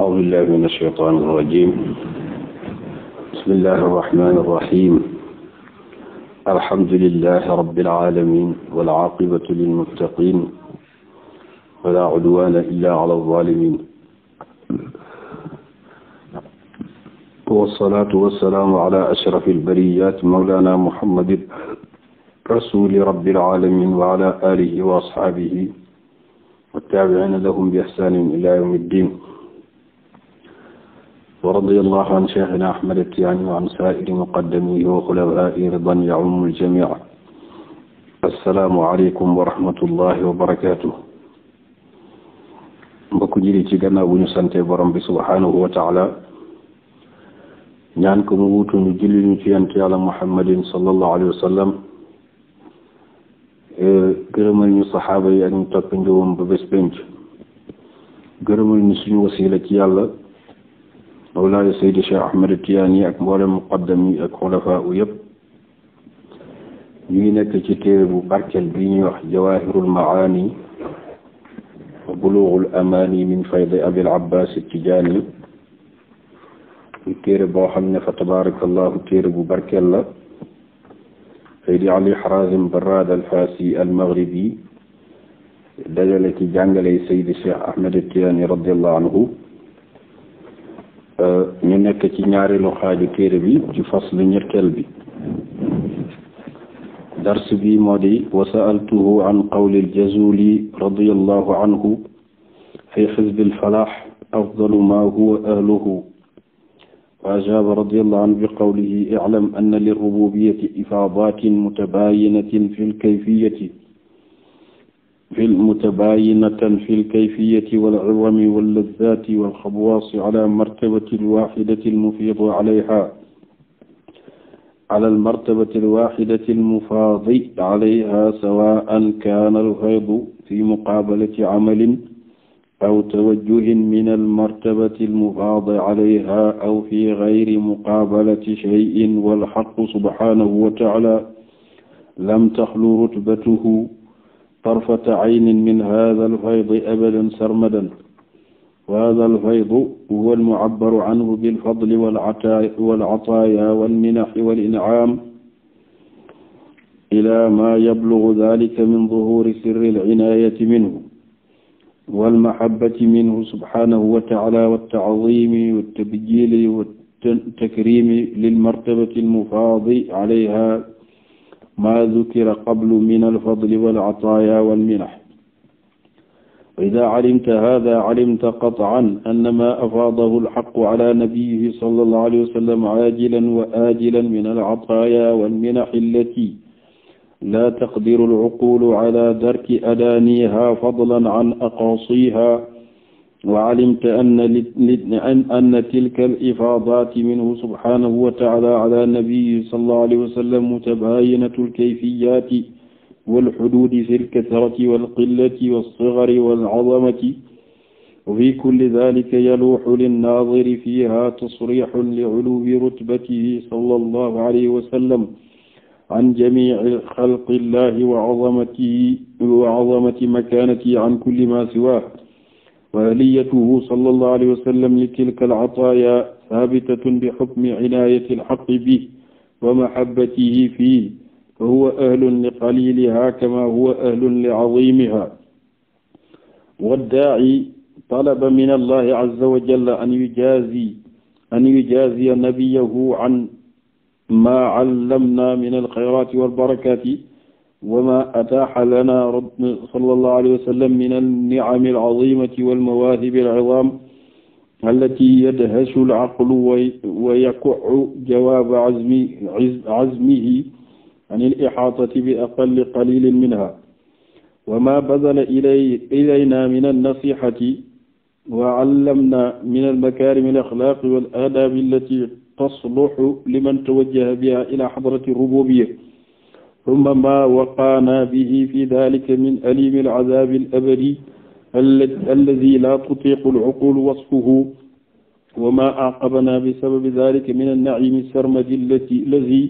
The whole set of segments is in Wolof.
أعوذ بالله من الشيطان الرجيم بسم الله الرحمن الرحيم الحمد لله رب العالمين والعاقبة للمتقين ولا عدوان إلا على الظالمين والصلاة والسلام على أشرف البريات مولانا محمد رسول رب العالمين وعلى آله وأصحابه والتابعين لهم بإحسان إلى يوم الدين ورضي الله عن شيخنا أحمد التياني وعن سائر مقدميه وخلفائه رضا يعم الجميع السلام عليكم ورحمة الله وبركاته mbokk jili ci gannaaw bu ñu sante borom bi subhanahu wa taala ñaan ko mu wutuñu julli ñu ci yant yàlla muhammadin sallallahu alayhi wa sallam gërëmal ñu saxaaba yi ak ñu topp njëwam ba bés penc gërëmal ñu suñu wasila ci yàlla mawlaaya Seydi Cheikh Ahmed Tidiane yi ak mboolem muqaddam yi ak xulafaa u yëpp ñu ngi nekk ci téere bu barkeel bi ñuy wax jawaahirul maani wa buluugul amaani min faydi abil abbaas tijaani ñu téere boo xam ne fa tabaarakallahu téere bu barkeel la Seydi Ali Harazim Barrad al Faasi al Maghribi dajale ci jàngale Seydi Cheikh Ahmed Tidiane radiyallahu anhu Euh, ñu nekk ci ñaareelu xaaju téere bi ci faslu ñetteel bi dars bi moo di wa sa'altuhu an qawli aljazuli radiyallahu anhu fi xizbi alfalax afdalu ma huwa ahluhu wa ajaaba radiyallahu anhu bi qawlihi i'lam anna lirrububiyati ifaadatin mutabayinatin fi lkayfiyati في المتباينة في الكيفية والعظم واللذات والخبواص على مرتبة الواحدة المفيض عليها على المرتبة الواحدة المفاض عليها سواء كان الغيظ في مقابلة عمل أو توجه من المرتبة المفاض عليها أو في غير مقابلة شيء والحق سبحانه وتعالى لم تخلو رتبته طرفة عين من هذا الفيض أبدا سرمدا وهذا الفيض هو المعبر عنه بالفضل والعطايا والمنح والإنعام إلى ما يبلغ ذلك من ظهور سر العناية منه والمحبة منه سبحانه وتعالى والتعظيم والتبجيل والتكريم للمرتبة المفاض عليها ما ذكر قبل من الفضل والعطايا والمنح وإذا علمت هذا علمت قطعا أن ما أفاضه الحق على نبيه صلى الله عليه وسلم عاجلا وآجلا من العطايا والمنح التي لا تقدر العقول على درك أدانيها فضلا عن أقاصيها وعلمت أن أن تلك الإفاضات منه سبحانه وتعالى على النبي صلى الله عليه وسلم متباينة الكيفيات والحدود في الكثرة والقلة والصغر والعظمة وفي كل ذلك يلوح للناظر فيها تصريح لعلو رتبته صلى الله عليه وسلم عن جميع خلق الله وعظمته وعظمة مكانته عن كل ما سواه وآليته صلى الله عليه وسلم لتلك العطايا ثابتة بحكم عناية الحق به ومحبته فيه فهو أهل لقليلها كما هو أهل لعظيمها والداعي طلب من الله عز وجل أن يجازي أن يجازي نبيه عن ما علمنا من الخيرات والبركات وما أتاح لنا رب صلى الله عليه وسلم من النعم العظيمة والمواهب العظام التي يدهش العقل ويكع جواب عزم عزمه عن الإحاطة بأقل قليل منها وما بذل إلي إلينا من النصيحة وعلمنا من المكارم الأخلاق والآداب التي تصلح لمن توجه بها إلى حضرة الربوبية ثم ما وقعنا به في ذلك من أليم العذاب الأبدي الذي لا تطيق العقول وصفه وما أعقبنا بسبب ذلك من النعيم السرمدي الذي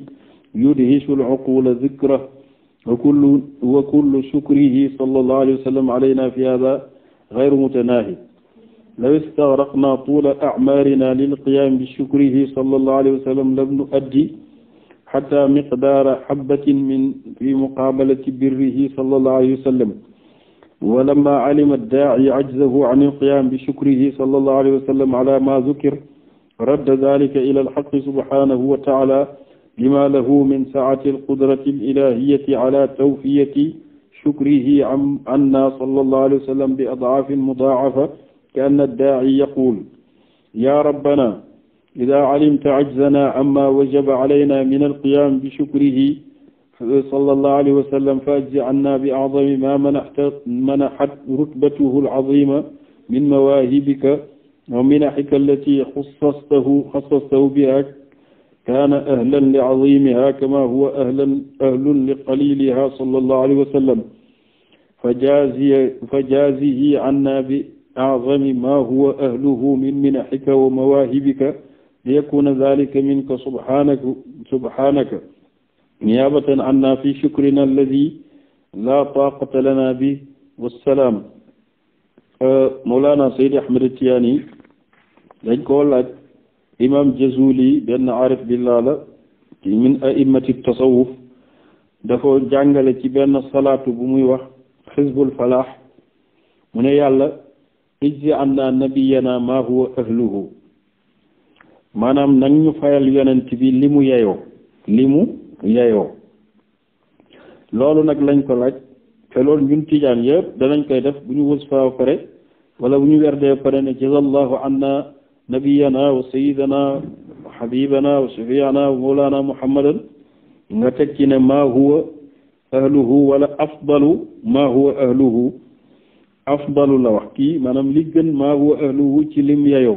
يدهش العقول ذكره وكل وكل شكره صلى الله عليه وسلم علينا في هذا غير متناهي لو استغرقنا طول أعمارنا للقيام بشكره صلى الله عليه وسلم لم نؤدي xataa miqdaara xabbatin min fi muqaabalati birrihi sallallahu alayhi wa sallam wa lamma alima daa'i ajzahu an alqiyaam bi shukrihi sallallahu alayhi wa sallam ala ma zukir radda dalika ila alxaqi subhanahu wa taala lima lahu min saati alqudrati alilahiyati ala tawfiyati shukrihi anna sallallahu alayhi wa sallam bi adaafin mudaacafa ka anna addaa'i yaquul yaa rabbanaa إذا علمت عجزنا عما وجب علينا من القيام بشكره صلى الله عليه وسلم فاجز عنا بأعظم ما منحت منحت رتبته العظيمة من مواهبك ومنحك التي خصصته خصصته بها كان أهلا لعظيمها كما هو أهلا أهل لقليلها صلى الله عليه وسلم فجازي فجازه عنا بأعظم ما هو أهله من منحك ومواهبك liyakuna zalika minka subhanaka subhanaka niyabatan anna fi shukrina alladi la taqata lana bi wassalaam Mawlana Seydi Ahmed Tiyaani dañ koo laaj imam Jazuli benn arif billah la ci min a'immati tasawuf dafa jàngale ci benn salaatu bu muy wax xisbul falaax mu ne yàlla ijzi anna nabiyana ma huwa ahluhu maanaam nag ñu fayal yonent bi li mu yeyoo li mu yeyoo loolu nag lañ ko laaj te loolu ñun tijaan yëpp danañ koy def bu ñu wus faa pare wala bu ñu werdee pare ne jazallahu anna nabiyana wa sayidana wa xabibana wa shafiana wa mawlana muhammadan nga teg ci ne maa huwa ahluhu wala afdalu maa huwa ahluhu afdalu la wax kii maanaam li gën maa huwa ahluhu ci lim yeyoo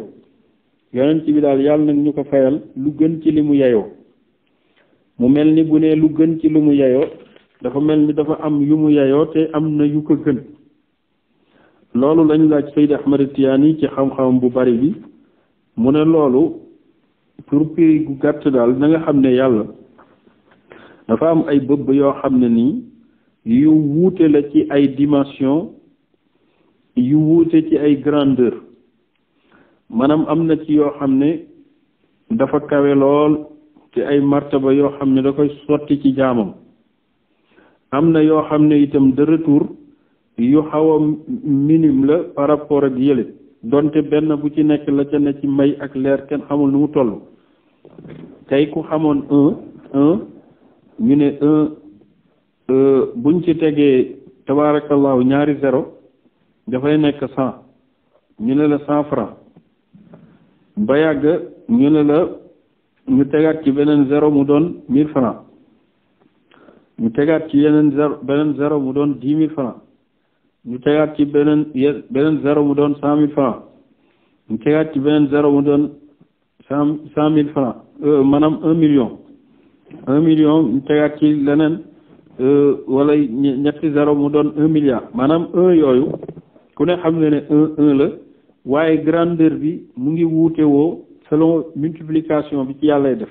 yonent bi daal yàlla nag ñu ko fayal lu gën ci li mu yeyoo mu mel ni bu ne lu gën ci lu mu yeyoo dafa mel ni dafa am yu mu yeyoo te am na yu ko gën loolu lañ laaj Seydi Ahmad Tiyaani ci xam-xam bu bari bi mu ne loolu pour prix gu gàtt daal na xam ne yàlla dafa am ay bëb yoo xam ne nii yu wuute la ci ay dimension yu wuute ci ay grandeur maanaam am na ci yoo xam ne dafa kawe lool ci ay martaba yoo xam ne da koy sotti ci jaamam am na yoo xam ne itam de retour yu xaw a minime la par rapport ak yële donte benn bu ci nekk la ca ne ci may ak leer kenn xamul nu mu toll tey ku xamoon un un ñu ne un euh, buñ ci tegee tabaarakallaahu ñaari zéro dafay nekk cent ñu ne la cent franc ba yàgg ñu ne la ñu tegaat ci beneen zéro mu doon mille francs ñu tegaat ci yeneen zéro beneen zéro mu doon dix mille francs ñu tegaat ci beneen beneen zéro mu doon cent mille francs tegaat ci beneen zéro mu doon cent mille francs euh, maanaam un million un million tegaat ci leneen euh, wala ñetti zéro mu doon un milliard maanaam un yooyu ku ne xam ne ne un un la waaye grandeur bi mu ngi wuute woo selon multiplication bi ci yàllay def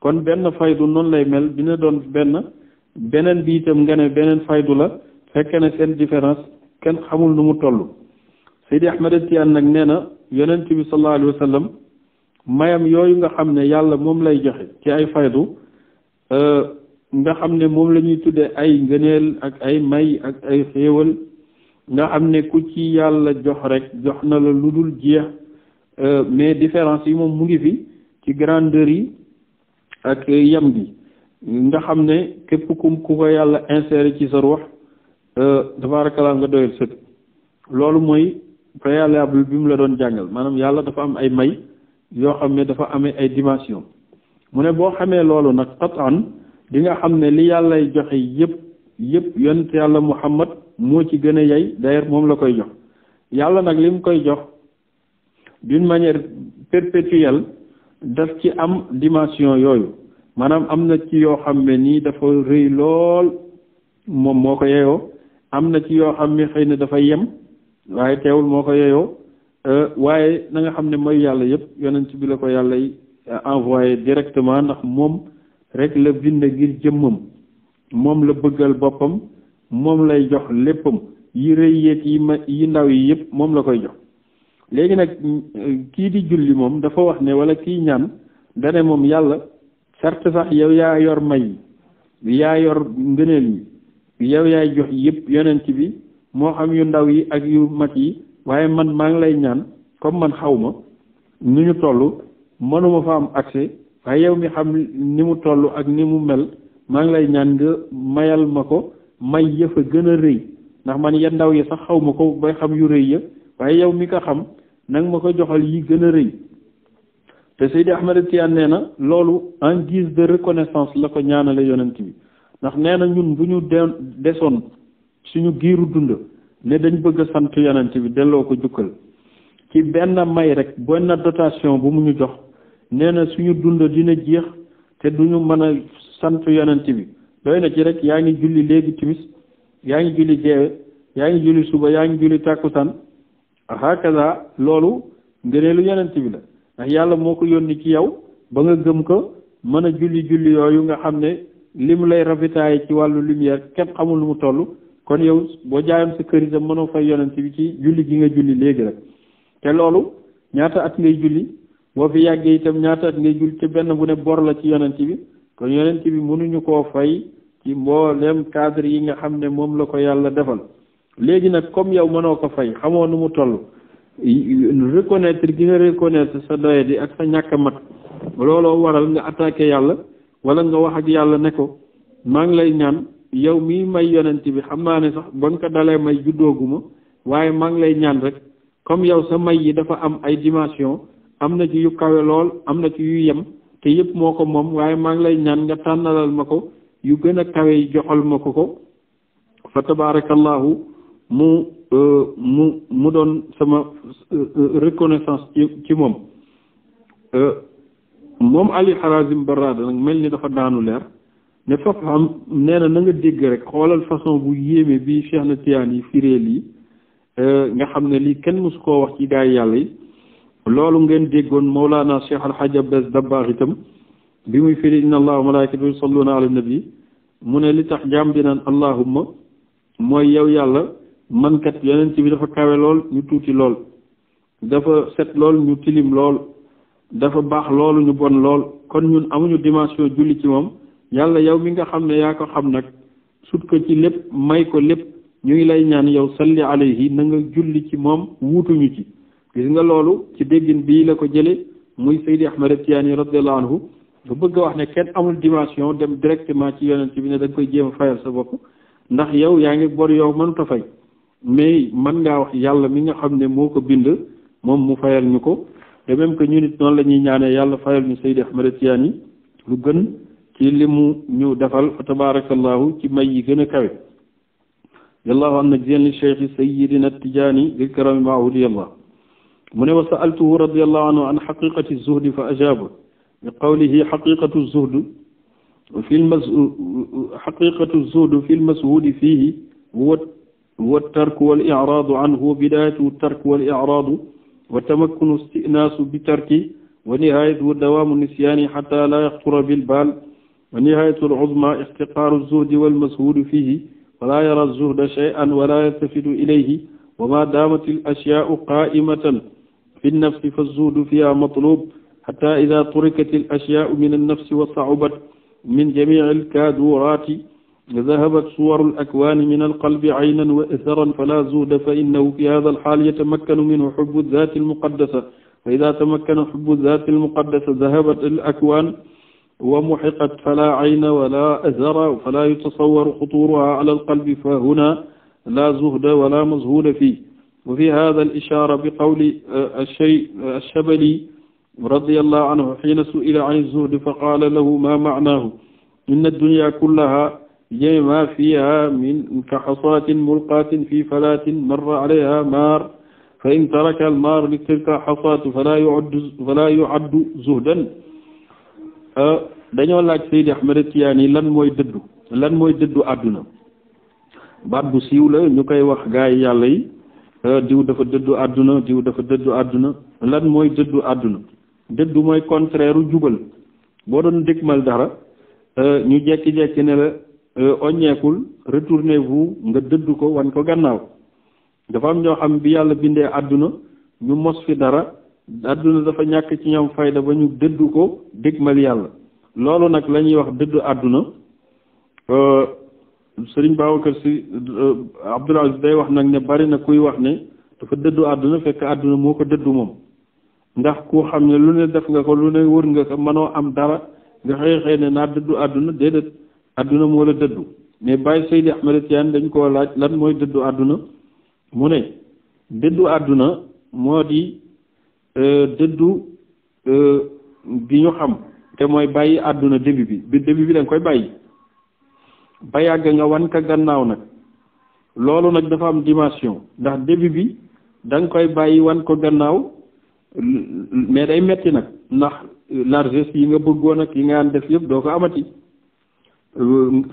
kon benn faydu noonu lay mel dina doon benn beneen bi itam nga ne beneen faydu la fekk ne seen différence kenn xamul nu mu toll Seydi Ahmad Tijaan nag nee na yonent bi sallallahu alayhi mayam yooyu nga xam ne yàlla moom lay joxe ci ay faydu euh, nga xam ne moom lañuy tuddee ay ngëneel ak ay may ak ay xéewal nga am ne ku ci yàlla jox rek jox na la lu dul jeex euh, mais différence yi moom mu ngi fi ci grandeur yi ak yam gi nga xam ne képp kum ku ko yàlla inséré ci sa ruux euh, tabaarakalaa nga doyal sëkk loolu mooy préalable bi mu la doon jàngal maanaam yàlla dafa am ay may yoo xam ne dafa amee ay dimension mu ne boo xamee loolu nag qatan di nga xam ne li yàllay joxe yëpp yëpp yonent yàlla muhammad moo ci gën a yey d'ailleurs moom la koy jox yàlla nag li mu koy jox d'une manière perpétuelle daf ci am dimension yooyu maanaam am na ci yoo xam ne nii dafa rëy lool moom moo ko yeyoo am na ci yoo xam ne xëy na dafa yem waaye teewul moo ko yeyoo euh, waaye nanga xam ne mooy yàlla yëpp yonent bi la ko yàlla euh, envoyé directement ndax moom rek la bind ngir jëmmam moom la bëggal boppam moom lay jox léppam yi rëy yeeg yi ma yi ndaw yi yëpp moom la koy jox léegi nag kii di julli moom dafa wax ne wala kii ñaan dane moom yàlla certes sax yow yaa yor may yi yaa yor ngëneel yi yow yaay jox yëpp yonent bi moo xam yu ndaw yi ak yu mag yi waaye man maa ngi lay ñaan comme man xaw ma nu ñu toll mënuma fa am accès waaye yow mi xam ni mu toll ak ni mu mel maa ngi lay ñaan nga mayal ma ko may a gën a rëy ndax man ya ndaw yi sax xaw ma ko bay xam yu rëy ya waaye yow mi ko xam nang ma ko joxal yi gën a rëy te de Ahmed Tidiane nee na loolu en guise de reconnaissance la ko ñaanale yonent bi ndax nee na ñun bu ñu desoon suñu giiru dund ne dañ bëgg a sant yonent bi delloo ko jukkal ci benn may rek benn dotation bu mu ñu jox nee suñu dund dina jéex te duñu mën a sant yonent bi doy na ci rek yaa ngi julli léegi timis yaa ngi julli geewe yaa ngi julli suba yaa ngi julli tàkkusan hakaza loolu ngëneelu yonent bi la ndax yàlla moo ko yónni ci yow ba nga gëm ko mën a julli julli yooyu nga xam ne lim lay rafetaay ci wàllu lumière kenn xamul lu mu toll kon yow boo jaayoon sa kër itam mënoo fay yonent bi ci julli gi nga julli léegi rek te loolu ñaata at ngay julli boo fi yàggee itam ñaata at ngay julli te benn bu ne bor la ci yonent bi kon yonent bi mënuñu koo fay ci mboolem cadre yi nga xam ne moom la ko yàlla defal léegi nag comme yow mënoo ko fay xamoo nu mu toll reconnaître gi nga reconnaître sa doyadi ak sa ñàkk mat looloo waral nga attaqué yàlla wala nga wax ak yàlla ne ko maa ngi lay ñaan yow mii may yonent bi xam naa ne sax ba nga ko dalee may juddooguma waaye maa ngi lay ñaan rek comme yow sa may yi dafa am ay dimension am na ci yu kawe lool am na ci yu yem te yëpp moo ko moom waaye maa ngi lay ñaan nga tànnalal ma ko yu gën a kawe yi joxal ma ko ko fa tabarakallahu mu euh, mu mu doon sama euh, reconnaissance ci moom euh, moom Ali Harazim Barrada nag mel ni dafa daanu leer ne faf xam nee na na dégg rek xoolal façon bu yéeme bi Cheikh na Tiyaan yi firee lii nga xam ne lii kenn mosu koo wax ci gaay yàlla yi loolu ngeen déggoon Mawlaana laa Al Hadj Abbas Dabbaax itam bi muy firi inna allaha malaikatu yusalluna ala nabi mu ne li tax jaam bi naan allahumma mooy yow yàlla mankat yonent bi dafa kawe lool ñu tuuti lool dafa set lool ñu tilim lool dafa baax loolu ñu bon lool kon ñun amuñu dimension julli ci moom yàlla yow mi nga xam ne yaa ko xam nag sut ko ci lépp may ko lépp ñu ngi lay ñaan yow salli alayhi na nga julli ci moom wuutuñu ci gis nga loolu ci déggin bii la ko jële muy Seydi Ahmad Tijaani radiyallahu anhu bu bëgg a wax ne kenn amul dimension dem directement ci ci bi ne da koy jéem a fayal sa bopp ndax yow yaa ngi bor yow mënut a fay mais man ngaa wax yàlla mi nga xam ne moo ko bind moom mu fayal ñu ko de même ñu nit noonu la ñaanee yàlla fayal ñu Seydi Ahmed Tidiane lu gën ci li mu ñu defal fa tabarakallahu ci may yi gën a kawe yallahu an najziyan li cheikh sayidina Tidiane lil karami maudi yallah mu ne wa saaltuhu radiallahu anhu an xaqiqati zuhdi fa ajaaba bi qawlihi xaqiqatu zuhd fi lmas xaqiqatu zuhd fi lmashudi fihi huwa huwa tarku wal iraadu anhu wa bidaayatu tarku wal iraadu wa tamakkunu istinaasu bi tarki wa nihaayatu dawaamu nisyaani xataa laa yaxtura bilbaal wa nihaayatu alcuzma ixtiqaaru zuhdi walmashudi fihi walaa yara zuhda shay'an walaa yaltafitu ilayhi wa maa daamat al ashyaau qaa'imatan fi nnafsi fa zuhdu fiha matlub xataa ida turikatil ashyaau min annafsi wa saubat min jamii alkaaduraati dahabat suwaru alakwaani min alqalbi aynan wa itharan fala zuuda fa innahu fi hada alxaal yatamakkanu minhu xubbu daati almuqaddasa fa ida tamakkana xubbu daati almuqaddasa dahabat alakwaan wa muxiqat fala ayna wala athara fala yutasawaru xutuuruha ala alqalbi fa huna la zuhda wala mazhuda fii wa fi hada alishara bi qawli alshay alshabali radiyallahu anhu hiina su'ila ani zuhdi fa qaala lahu maa ma'naahu inna ad-dunyaa kullahaa maa fiihaa min ka hasaatin mulqaatin fii falaatin marra alayhaa maar fa in taraka al-maar li tilka hasaat falaa yu'addu falaa yu'addu zuhdan dañoo laaj Seydi Ahmed Tijaani lan mooy dëddu lan mooy dëddu àdduna baat bu siiw la ñu koy wax gaa yi yàlla yi diw dafa dëddu àdduna diw dafa dëddu àdduna lan mooy dëddu àdduna dëddu mooy contraire u jubal boo doon dëgmal dara euh, ñu jekki-jekki ne la euh, oññeekul retournez nga dëdd ko wan ko gannaaw dafa am ñoo xam bi yàlla bindee àdduna ñu mos fi dara àdduna dafa ñàkk ci ñoom fayda ba ñu dëdd ko dëgmal yàlla loolu nag lañuy wax dëddu àdduna euh, sëriñ Babacar si Abdoul Aziz day wax nag ne bari na kuy wax ne dafa dëddu àdduna fekk àdduna moo ko dëddu moom ndax ku xam ne lu ne def nga ko lu ne wër nga ko mënoo am dara nga xëy xëy ne naa dëddu àdduna déedéet àdduna moo la dëddu mais Baye Seydi Ahmed Tidiane dañ koo laaj lan mooy dëddu àdduna mu ne dëddu àdduna moo di euh, dëddu euh, bi ñu xam te mooy bàyyi àdduna début bi bi bi da koy bàyyi ba yàgg nga wan ka gannaaw nag loolu nag dafa am dimension ndax début bi da koy bàyyi wan ko gannaaw mais day metti nag ndax largesse yi nga bëggoon ak yi nga daan def yëpp doo ko amati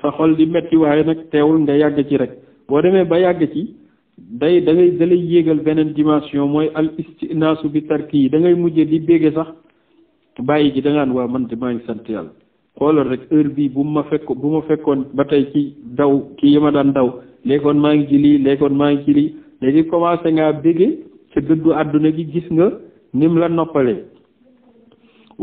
sa xol di metti waaye nag teewul nga yàgg ci rek boo demee ba yàgg ci day da ngay dalay yéegal beneen dimension mooy al istinaasu bi kii yi da ngay mujje di bége sax bàyyi ji da ngaan waa man de maa ngi sant yàlla xoolal rek heure bii bu ma fekk bu ma fekkoon ba tey ci daw kii yi ma daan daw léegoon maa ngi ci lii léegoon maa ngi ci lii léegi commencé ngaa bége sa àdduna gi gis nga nim la noppalee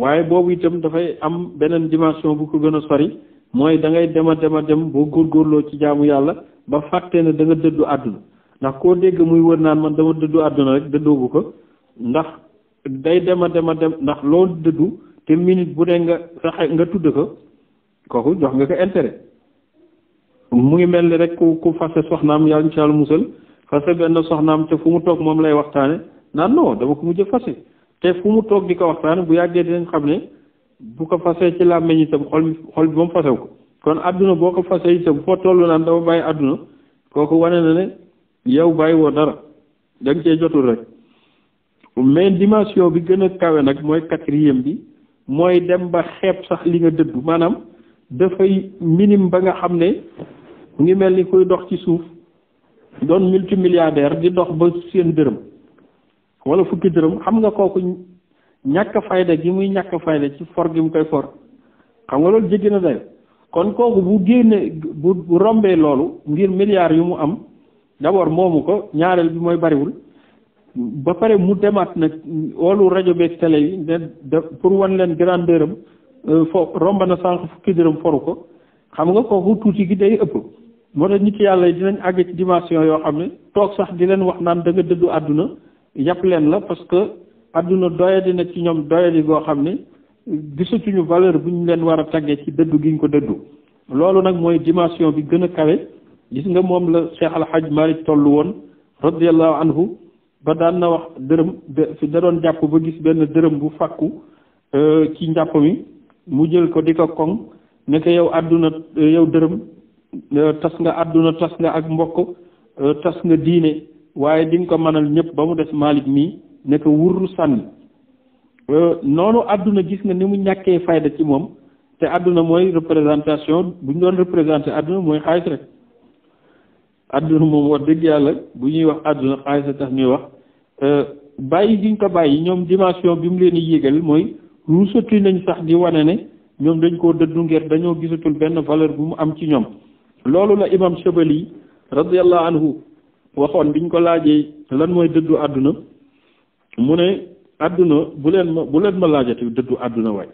waaye boobu itam dafay am beneen dimension bu ko gën a sori mooy da ngay dem a dem a dem boo góorgóorloo ci jaamu yàlla ba fàtte ne danga dëddu àdduna ndax koo dégg muy wër naan man dama dëddu àdduna rek dëddoogu ko ndax day dem a dem a dem ndax loo dëddu te minute bu dee nga nga tudd ko kooku jox nga ko intérêt mu ngi mel ni rek ku ku fase soxnaam yàlla incha allah musal fase benn soxnaam te fu mu toog moom lay waxtaane naan non dama ko mujj fase te fu mu toog di ko waxtaan bu yàggee di dinañ xam ne bu ko fasee ci làmmeñ itam xol xol bi moom fasew ko kon àdduna boo ko fasee itam foo toll naan dama bàyyi adduna kooku wane na ne yow bàyyi woo dara da nga cee jotul rek mais dimension bi gën a kawe nag mooy quatrième bi mooy dem ba xeeb sax li nga dëddu maanaam dafay minime ba nga xam ne mu ngi mel ni kuy dox ci suuf doon multimilliardaire di dox ba seen dërëm wala fukki dërëm xam nga kooku ñàkk fayda gi muy ñàkk fayda ci for gi mu koy for xam nga loolu jéggi na dayo kon kooku bu génnee bu bu rombee loolu ngir milliards yu mu am d'abord moomu ko ñaareel bi mooy bariwul ba pare mu demaat nag wolu rajo beeg télé yi ne pour wan leen grandeur am fo romb na sànq fukki dërëm foru ko xam nga kooku tuuti gi day ëpp moo tax nit yàlla yi dinañ àgg ci dimension yoo xam ne toog sax di leen wax naan danga nga àdduna yàpp leen la parce que àdduna doyadi nag ci ñoom doyadi goo xam ne gisatuñu valeur bu ñu leen war a tàggee ci dëddu gi ñu ko dëddu loolu nag mooy dimension bi gën a kawe gis nga moom la Cheikh Al Hadj Malick toll woon radiallahu anhu ba daan na wax dërëm da doon jàpp ba gis benn dërëm bu fàkku euh, ci njàpp mi mu jël ko di ko koŋ ne ko yow àdduna yow dërëm euh, tas nga àdduna tas nga ak mbokk euh, tas nga diine waaye di nga ko mënal ñëpp ba mu des Malick mii ne ko wurru sànni euh, noonu àdduna gis nga ni mu ñàkkee fayda ci moom te àdduna mooy représentation bu ñu doon représenté àdduna mooy xaalis rek àdduna moom wax dëgg yàlla bu ñuy wax àdduna xaalis a tax ñuy wax euh, bàyyi gi ñu ko bàyyi ñoom dimension bi mu leen di yéegal mooy ruusati nañ sax di wane ne ñoom dañ koo dëddu nger dañoo gisatul benn valeur bu mu am ci ñoom loolu la imam Chabali radiyallahu anhu waxoon biñ ko laajee lan mooy dëddu àdduna mu ne àdduna bu leen ma bu leen ma laajati dëddu àdduna ba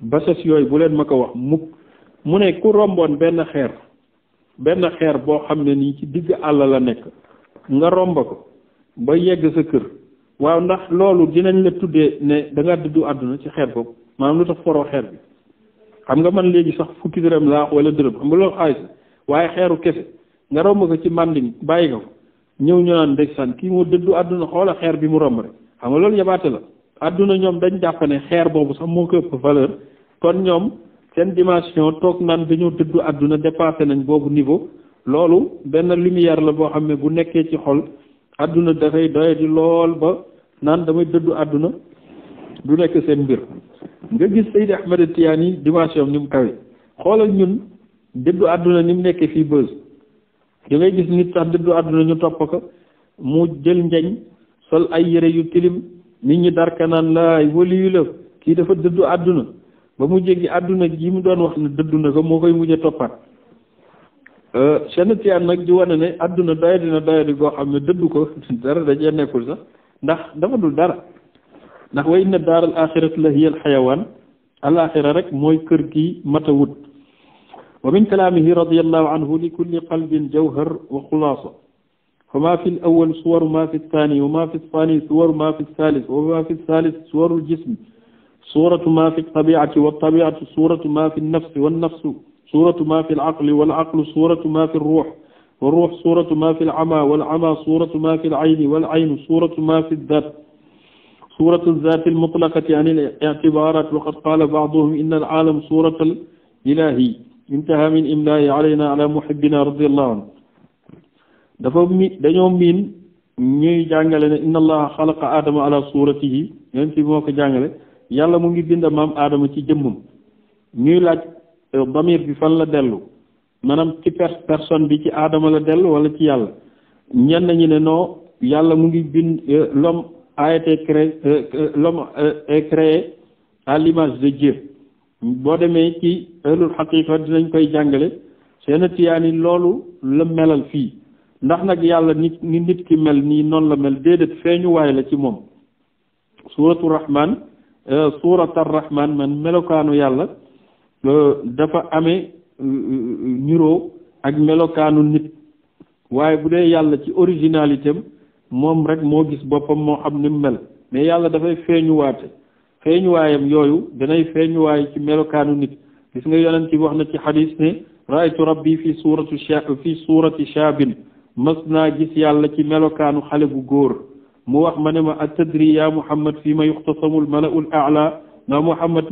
bases yooyu bu leen ma ko wax mukk mu ne ku romboon benn xeer benn xeer boo xam ne nii ci digg àll la nekk nga romb ko ba yegg sa kër waaw ndax loolu dinañ la tuddee ne da nga dëddu àdduna ci xeer boobu maanaam lu tax foroo xeer bi xam nga man léegi sax fukki dërëm laa wala dërëm xam nga loolu xaalis waaye xeeru kese nga romb ko ci màndin bàyyi ñëw ñu naan ndeysaan kii moo dëddu àdduna xoola xeer bi mu romb rek xam nga loolu yabaate la àdduna ñoom dañ jàpp ne xeer boobu sax moo ko ëpp kon ñoom seen dimension toog naan dañoo dëddu àdduna dépassé nañ boobu niveau loolu benn lumière la boo xam ne bu nekkee ci xol àdduna dafay doyadi lool ba naan damay dëddu àdduna du nekk seen mbir nga gis Seydi Ahmed Tidiane dimension ni mu kawe xoolal ñun dëddu àdduna ni mu nekkee fii Beuz. da ngay gis nit sax dëddu àdduna ñu topp ko mu jël njañ sol ay yére yu tilim nit ñi darka naan laay kii dafa dëddu àdduna ba mu jéggi àdduna ji mu doon wax ne dëddu na ko moo koy mujj toppaat euh, Cheikh Tijaan nag di wane ne àdduna doyadi na doyadi goo xam ne dëddu ko dara da nekkul sax ndax dafa dul dara ndax wa inna daaral axiratu la hiya xayawaan al rek mooy kër gi matawut wa min kalaamihi radiyallahu anhu li kulli qalbin jawhar wa xulaasa fa maa fi l-awwal suwaru maa fi s-saani wa maa fi s-saani suwaru maa fi s-saalis wa maa fi s-saalis suwaru l-jism suuratu maa fi t-tabiicati wa t-tabiicatu suuratu maa fi n-nafsi wa n-nafsu suuratu maa fi l-caqli wa l-caqlu suuratu maa fi r-ruux wa r-ruux suuratu maa fi l-camaa wa l-camaa suuratu maa fi l-cayni wa l-caynu suuratu maa fi d-daat suuratu z-zaati l-mutlaqati an l-ictibaaraat wa qad qaala bacduhum inna l-caalama suuratul ilaahi intaha min imlaayi alayna ala muhibbina radiyallahu anhu dafa mi dañoo miin ñuy jàngale ne inna allaha xalaqa aadama ala suratihi yonent moo ko jàngale yàlla mu ngi bind maam aadama ci jëmmam ñuy laaj euh, damir bi fan la dellu maanaam ci per personne bi ci aadama la dellu wala ci yàlla ñenn ñi ne non yàlla mu ngi bind euh, l'homme a été créé euh, l'homme à l'image de Dieu boo demee ci ahlul xaqiqa dinañ koy jàngale seen tiyaan yi loolu la melal fii ndax nag yàlla nit ni nit ki mel nii noonu la mel déedéet feeñuwaay la ci moom suuratu rahmaan euh, suuratu man melokaanu yàlla euh, dafa ame euh, niroo ak melokaanu nit waaye bu dee yàlla ci originalité moom rek moo gis boppam moo xam ni mu mel mais yàlla dafay feeñu feeñuwaayam yooyu danay feeñuwaay ci melokaanu nit gis nga yonent bi wax na ci xadis ne raaytu rabbi fi suuratu sha fi suurati shaabin mas naa gis yàlla ci melokaanu xale bu góor mu wax ma ne ma atadri ya muhammad fi ma yuxtasamul malaul aala ndax muhammad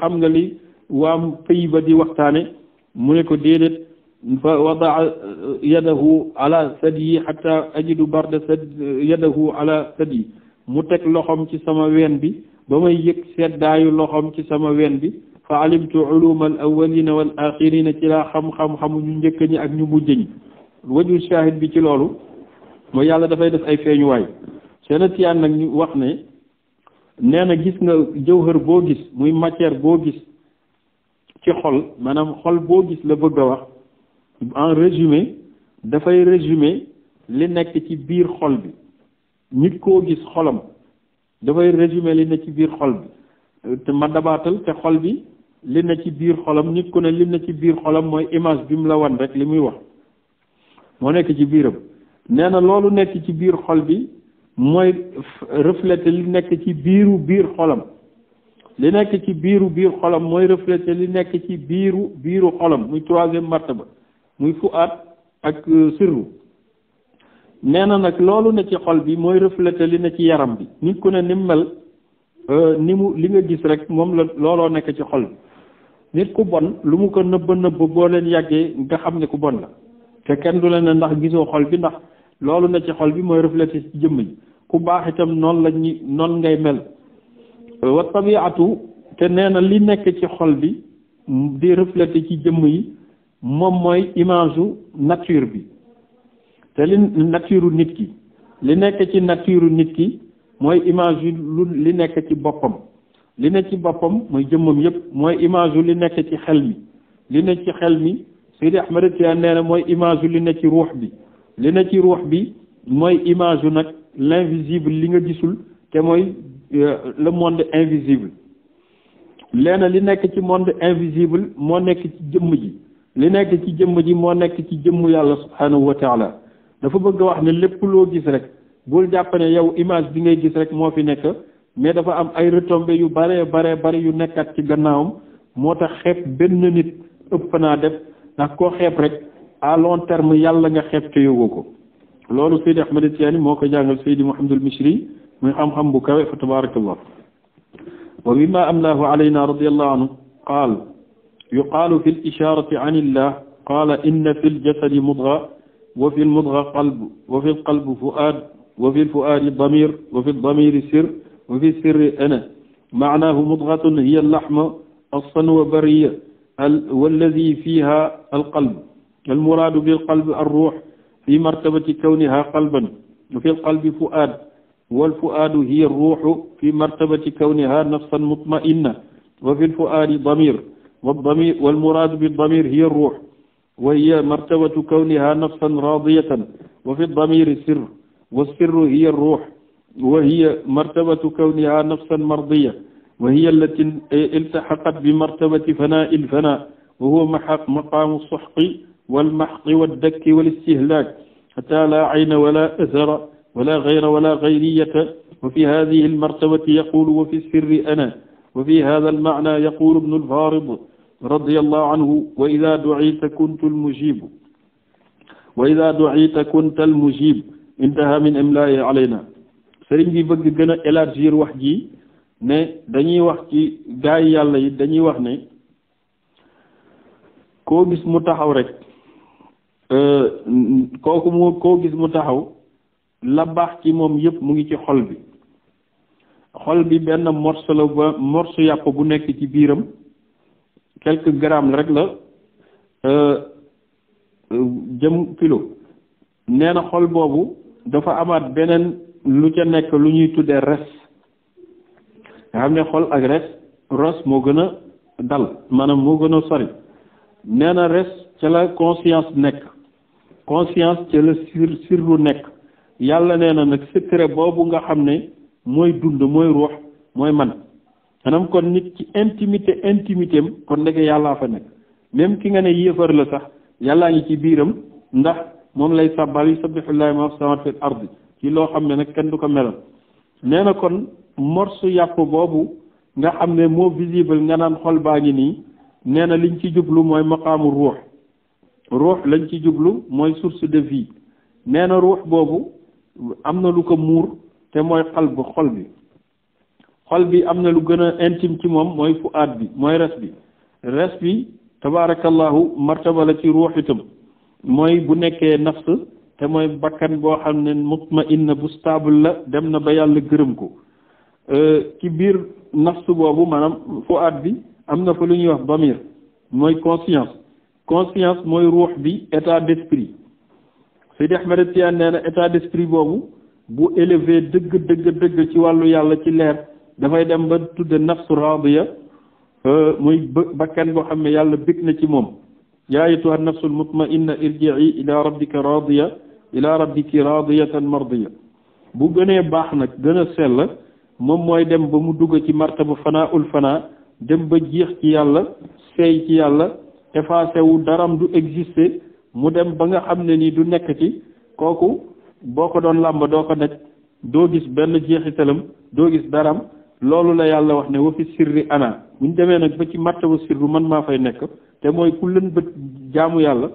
xam nga li waam pays ba di waxtaane mu ne ko déedéet fa wadaa yadahu ala sadyi xata ajidu barda sad yadahu ala sadyi mu teg loxom ci sama ween bi ba may yëg seddaayu loxoom ci sama wen bi fa alimtu uluma al awalina wal axirina ci laa xam-xam-xamu ñu njëkk ñi ak ñu mujj ñi waju shahid bi ci loolu mooy yàlla dafay def ay feeñuwaay seen tiyaan nag ñu wax ne nee na gis nga jëwhër boo gis muy matière boo gis ci xol maanaam xol boo gis la bëgg a wax en résumé dafay résumé li nekk ci biir xol bi nit ko gis xolam dafay résumer li ne ci biir xol bi te ma dabaatal te xol bi li ne ci biir xolam nit ku ne li ne ci biir xolam mooy image bi mu la wan rek li muy wax moo nekk ci biiram nee na loolu nekk ci biir xol bi mooy refléter li nekk ci biiru biir xolam li nekk ci biiru biir xolam mooy refléter li nekk ci biiru biiru xolam muy troisième martaba muy aat ak sirru nee na nag loolu ne ci xol bi mooy reflété li ne ci yaram bi nit ku ne ni mu mel euh, ni mu li nga gis rek moom la looloo nekk ci xol bi nit ku bon lu mu ko nëbba nëbba boo leen yàggee nga xam ne ku bon la te kenn du leen ne ndax gisoo xol bi ndax loolu ne ci xol bi mooy reflété ci jëmm ji ku baax itam noonu la ñuy noonu ngay mel euh, wa tabiatu te nee na li nekk ci xol bi di reflété ci jëmm yi moom mooy image nature bi te li nature nit ki li nekk ci nature nit ki mooy image yu lu li nekk ci boppam li nekk ci boppam mooy jëmmam yépp mooy image li nekk ci xel mi li nekk ci xel mi Seydi Ahmad Tijaan nee na mooy image yu li nekk ci ruux bi li nekk ci ruux bi mooy image yu nag l'invisible li nga gisul te mooy euh, le monde invisible na li nekk ci monde invisible moo nekk ci jëmm ji li nekk ci jëmm ji moo nekk ci jëmm yàlla subhanahu wa dafa bëgg wax ne lépp loo gis rek bul jàpp yow image bi ngay gis rek moo fi nekk mais dafa am ay retombées yu bare bare bari yu nekkaat ci gannaawam moo tax xeeb benn nit ëpp naa def ndax koo xeeb rek à long terme yàlla nga xeeb te yowoo ko loolu Seydi Ahmad Tijaani moo ko jàngal Seydi Mouhamadul Misri muy xam-xam bu kawe fa tabaarakallah wa mimma amlaahu alayna radiyallahu anhu qaal yuqaalu fi l ishaarati an illah qaala inna fi l jasadi mudga wa fi lmudga qalb wa fi lqalb fuaad wa fi lfuaadi damir wa fi damiri sir wa fi sirri ana maanaahu mudgatun hiya allaxma alsanwa bariya walladi fiiha alqalb almuraadu fi lqalb alruux fi martabati kawniha qalban wa fi lqalbi fuaad walfuaadu hiya alruuxu fi martabati kawniha nafsan mutma'inna wa fi lfuaadi damir والضمير والمراد بالضمير هي الروح wa hiya martabatu kawniha nafsan radiyatan wa fi damiri sirr wa sirru hiya ruux wa hiya martabatu kawniha nafsan mardiya wa hiya allati iltaxaqat bi martabati fanaa il fanaa wa huwa maqaamu soxqi wal maxqi waddakki wal istihlaak xataa laa ayna wala asara wala gayra wala gayriyata wa fi haadihi almartabati yaqulu wa fi sirri ana wa fi haada almacna yaqulu ibnu alfaarid radiyallahu anhu wa ida duita kuntu almujibu wa ida duita kunta almujib intaha min imlaayi alayna sëriñ bi bëgg gën a élargir wax ji ne dañuy wax ci gaay yàlla yi dañuy wax ne koo gis mu taxaw rek euh, kooku mu koo gis mu taxaw la baax ci moom yépp mu ngi ci xol bi xol bi benn morceau la ba yàpp bu nekk ci biiram quelques grammes rek la euh, jëm kilo nee na xol boobu dafa amaat beneen lu ca nekk lu ñuy tuddee res nga xam ne xol ak res res moo gën a dal maanaam moo gën a sori nee na res ca la conscience nekk conscience ca la sir sirru nekk yàlla nee na nag secret boobu nga xam ne mooy dund mooy ruux mooy man maanaam kon nit ci intimité intimité am kon ndeke yàlla fa nekk même ki nga ne yéefar la sax yàlla ngi ci biiram ndax moom lay sabbal yusabbihu lillahi ma fi samawati fil ardi ci loo xam ne nag kenn du ko melal nee na kon morsu yàpp boobu nga xam ne moo visible nga naan xol baa ngi nii nee na liñ ci jublu mooy maqaamu ruux ruux lañ ci jublu mooy source de vie nee na ruux boobu am na lu ko muur te mooy xal xol bi xol bi am na lu gën a intime ci moom mooy fuaat bi mooy res bi res bi tabaarakallahu martaba la ci ruux itam mooy bu nekkee nafs te mooy bakkan boo xam ne mutma inna bu stable la dem na ba yàlla gërëm ko euh, ci biir nafs boobu maanaam fuaat bi am na fa lu ñuy wax damir mooy conscience conscience mooy ruux bi état d'esprit Seydi Ahmed Tidiane nee na état d'esprit boobu bu élevé dëgg dëgg dëgg ci wàllu yàlla ci leer dafay dem ba tudde nafsu radiya euh, muy bakkan boo xam ne yàlla bég na ci moom yaa ayyatuha nafsul mutma'inna irji'i ila rabbika radiya ila rabbiki radiyatan mardiya bu gënee baax nag gën a sell moom mooy dem ba mu dugg ci martaba fanaa ul fanaa dem ba jeex ci yàlla seey ci yàlla effacé wu daram du exister mu dem ba nga xam ne nii du nekk ci kooku boo ko doon làmb doo ko daj doo gis benn jeexitalam doo gis daram loolu la yàlla wax ne wa fi sirri ana bu ñu demee nag ba ci martaba sirru man maa fay nekk te mooy ku lën bët jaamu yàlla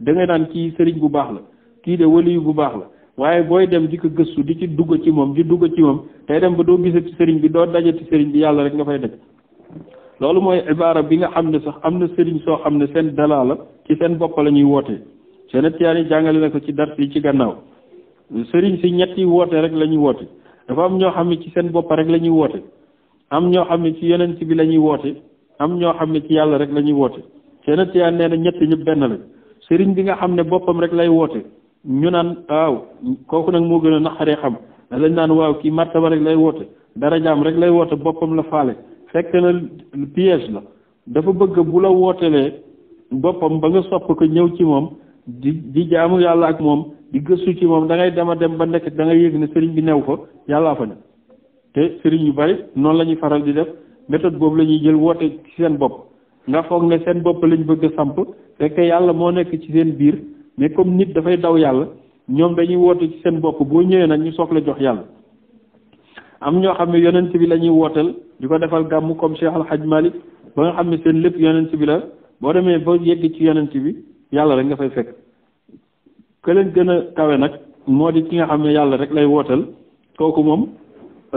dangay ngay naan kii sëriñ bu baax la kii de waliyu bu baax la waaye booy dem di ko gëstu di ci dugg ci moom di dugg ci moom tey dem ba doo gisee sëriñ bi doo daje ci sëriñ bi yàlla rek nga fay daj loolu mooy ibaara bi nga xam ne sax am na sëriñ soo xam ne seen dalaa la ci seen bopp la ñuy wootee seen tiyaani jàngale na ko ci dars yi ci gannaaw ñetti woote rek la ñuy woote dafa am ñoo xam ne ci seen bopp rek la ñuy woote am ñoo xam ne ci yonent bi la ñuy woote am ñoo xam ne ci yàlla rek la ñuy woote seen tiyaan nee na ñett ñëpp benn la sëriñ bi nga xam ne boppam rek lay woote ñu naan waaw kooku nag moo gën a naqaree xam lañ naan waaw kii martaba rek lay woote darajaam rek lay woote boppam la faale fekk na piège la dafa bëgg bu la wootelee boppam ba nga sopp ko ñëw ci moom di di jaamu yàlla ak moom di gëstu ci moom da ngay dema dem ba nekk da ngay yëg ne sëriñ bi new fa yàllaa fa ne te sëriñ yu bari noonu la ñuy faral di def méthode boobu la ñuy jël woote ci seen bopp nga foog ne seen bopp lañ bëgg a samp fekk yàlla moo nekk ci seen biir mais comme nit dafay daw yàlla ñoom dañuy woote ci seen bopp boo ñëwee nag ñu soog la jox yàlla am ñoo xam ne yonent bi la ñuy wooteel di ko defal gàmm comme Cheikh Al Hadj Malick ba nga xam ne seen lépp yonent bi la boo demee ba yegg ci yonent bi yàlla rek nga fay fekk ke leen gën a kawe nag moo di ki nga xam ne yàlla rek lay wootal kooku moom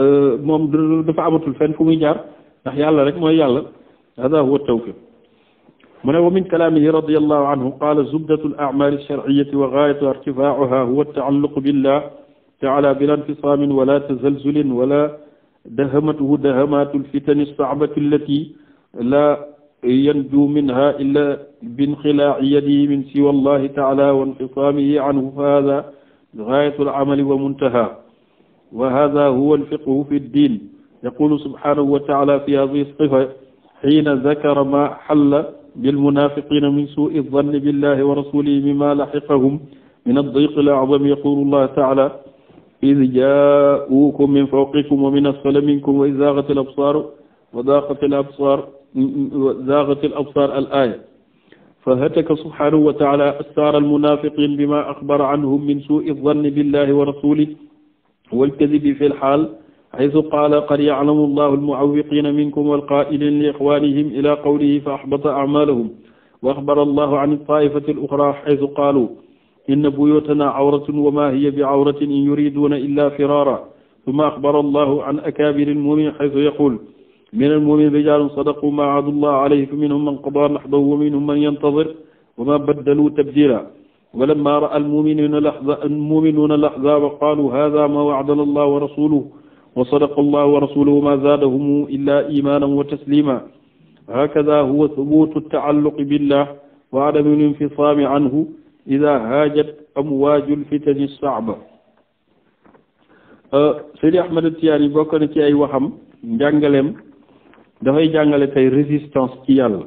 euh, moom dafa amatul fenn fu muy jaar ndax yàlla rek mooy yàlla hada huwa tawfiq mu ne wa min kalaamihi radiyallahu anhu qaala zubdatu al-a'maali ash-shar'iyyati wa ghaayatuha irtifaacuha huwa at-tacalluqu billah taala bila nfisaamin wala tazalzulin wala dahamatuhu dahamaatu lfitani as-sacbati allati la yanju minha illa binxilaaci yadihi min siwa allahi taala wa inxisaamihi anhu fa hada gaayatu alamali wa muntaha wa hada huwa alfiqhu fi ddin yaqulu subhanahu wa taala fi hadihi sifa xiina zakara ma xalla bilmunafiqina min suui aldanni billahi wa rasulihi mima laxiqahum min addiqi alacdam yaqulu allah taala id jaaukum min fawqikum wa min asfala minkum wa izaagat alabsaaru wa daaqat alabsaar zaaxatil absaar al aaya fa hataka subhaanahu wa taala astaar al munaafiqiin bima axbara anhum min suui zanni billahi wa rasulihi wal kadibi fi lxaal xaysu qaala qad yaclamu allahu almucawiqiina minkum walqaailiina li ixwaanihim ila qawlihi fa axbata acmaalahum wa axbara allahu an altaa'ifati aluxraa xaysu qaalu inna buyuutanaa cawratun wa maa hiya bi cawratin in yuriiduuna illaa firaara summa axbara allahu an akaabiri almu'miniin xaysu yaquul من المؤمنين رجال صدقوا ما عاهدوا الله عليه فمنهم من قضى نحبه ومنهم من ينتظر وما بدلوا تبديلا ولما رأى المؤمنون الأحزاب المؤمنون الأحزاب قالوا هذا ما وعدنا الله ورسوله وصدق الله ورسوله وما زادهم إلا إيمانا وتسليما هكذا هو ثبوت التعلق بالله وعدم الانفصام عنه إذا هاجت أمواج الفتن الصعبة Seydi Ahmad Tijaani bokk na ci ay waxam njàngaleem dafay jàngale tey résistance ci yàlla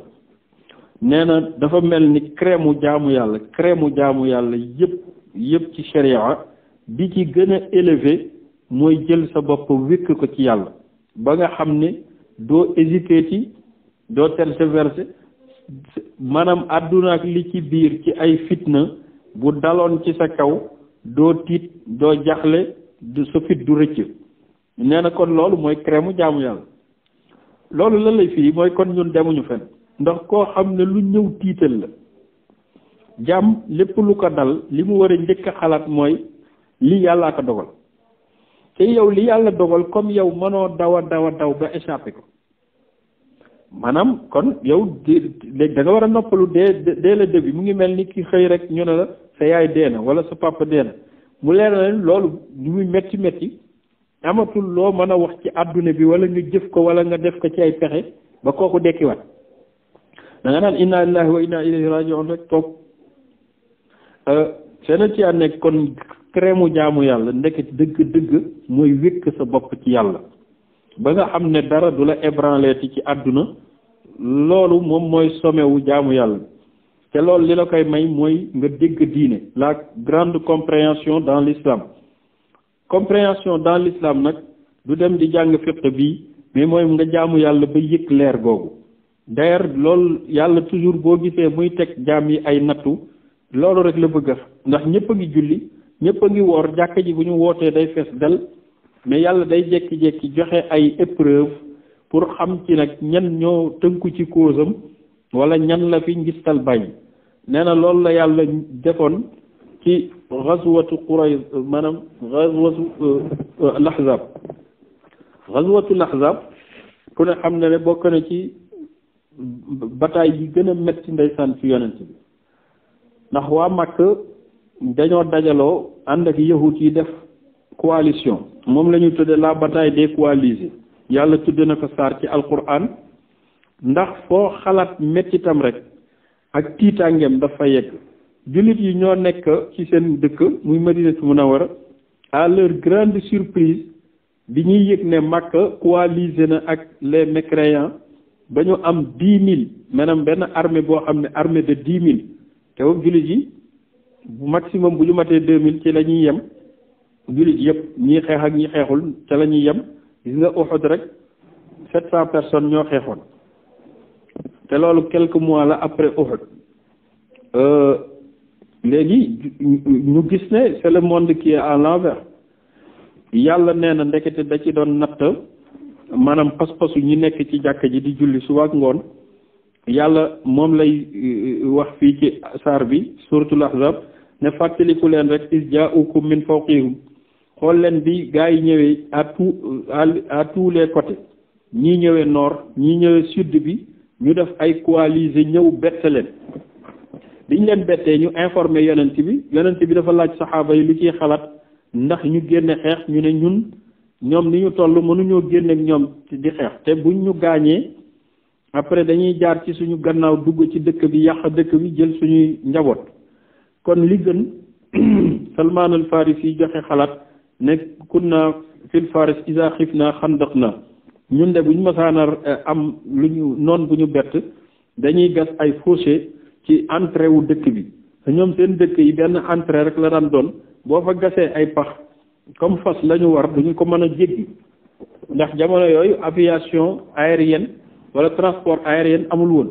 neena dafa mel ni crème jaamu yàlla crème mu jaamu yàlla yëpp yëpp ci sharia bi ci gën a mooy jël sa bopp wékk ko ci yàlla ba nga xam ni doo hésité ci doo tergiversé maanaam àdduna ak li ci biir ci ay fitna bu daloon ci sa kaw doo tiit doo jaxle du sa fit du rëcc nee na kon loolu mooy crème mu jaamu yàlla loolu lan lay fii mooy kon ñun demuñu fen ndax koo xam ne lu ñëw tiital la jàmm lépp lu ko dal li mu war a njëkk a xalaat mooy lii yàllaa ko dogal te yow li yàlla dogal comme yow mënoo dawa dawa daw ba échappé ko maanaam kon yow léegi da nga war a noppalu dee dee la début mu ngi mel ni ki xëy rek ñu ne la sa yaay dee na wala sa papa dee na mu leer na leen loolu li muy metti metti amatul loo mën a wax ci àdduna bi wala nga jëf ko wala nga def ko ci ay pexe ba kooku dekkiwaat da nga naan inna lillahi wa inna ilayhi raji'un rek toog seen euh, ci nekk kon crème jaamu yàlla ndeket dëgg-dëgg mooy wékk sa bopp ci yàlla ba nga am ne dara du la ébranlé ci àdduna loolu moom mooy sommet wu jaamu yàlla te loolu li la koy may mooy nga dégg diine la grande compréhension dans l'islam compréhension dans l'islam nag du dem di jàng fiq bii mais mooy nga jaamu yàlla ba yëg leer googu d'ailleurs loolu yàlla toujours boo gisee muy teg jaam yi ay nattu loolu rek la bëgg ndax ñëpp a ngi julli ñëpp a ngi woor jàkka ji bu ñu wootee day fees del mais yàlla day jékki-jékki joxe ay épreuve pour xam ci nag ñan ñoo tënku ci cause am wala ñan la fi ngistal bàyyi nee na la yàlla defoon ci xazwatu Qurayz maanaam euh, xazwatu laxzaab xazwatu laxzaab ku ne xam na ne bokk na ci bataay yi gën a metti ndeysaan ci yonent bi ndax waa Makka dañoo dajaloo ànd ak yahut yi def coalition moom la ñuy tudde la bataille des coalisés yàlla tudde na ko saar ci alquran ndax foo xalaat mettitam rek ak tiitaangeem dafa yegg jullit yi ñoo nekk ci seen dëkk muy Madinatu Munawwara à leur grande surprise bi ñuy yëg ne Makka coalisé na ak les mécréants ba ñu am dix mille maanaam benn armée boo xam ne armée de dix mille te boobu jullit yi maximum bu ñu matee deux mille ci la ñuy yem jullit yëpp ñii xeex ak ñi xeexul ca la ñuy yem gis nga Uhud rek sept cent personnes ñoo xeexoon te loolu quelque mois la après Uhud euh, léegi ñu gis ne c'est le monde qui est à yàlla nee na ndekete da ci doon natt maanaam pas-pasu ñi nekk ci jàkk ji di julli su ak ngoon yàlla moom lay euh, wax fii ci saar bi suratul ahzab ne fàttaliku leen rek is jaa'ukum min fawqihim xool leen bi gaa yi ñëwee à tout à tous les côtés ñii ñëwee noor ñi ñëwee sud bi ñu def ay coalisés ñëw bett leen biñ leen bettee ñu informé yonent bi yonent bi dafa laaj saxaaba yi lu ciy xalaat ndax ñu génne xeex ñu ne ñun ñoom ni ñu toll mënuñoo génne ñoom di xeex te buñ ñu gaañee après dañuy jaar ci suñu gannaaw dugg ci dëkk bi yàq dëkk bi jël suñuy njaboot kon li gën Salmaan al Farisi joxe xalaat ne kunna fil faris isa xif naa xandaq na ñun de buñ masaana eh, am lu ñu noon bu ñu bett dañuy gas ay fossé ci entrée wu dëkk bi te ñoom seen dëkk yi benn entrée rek la daan doon boo fa gasee ay pax comme fas la ñu war duñu ko mën a jéggi ndax jamono yooyu aviation aérienne wala transport aérien amul woon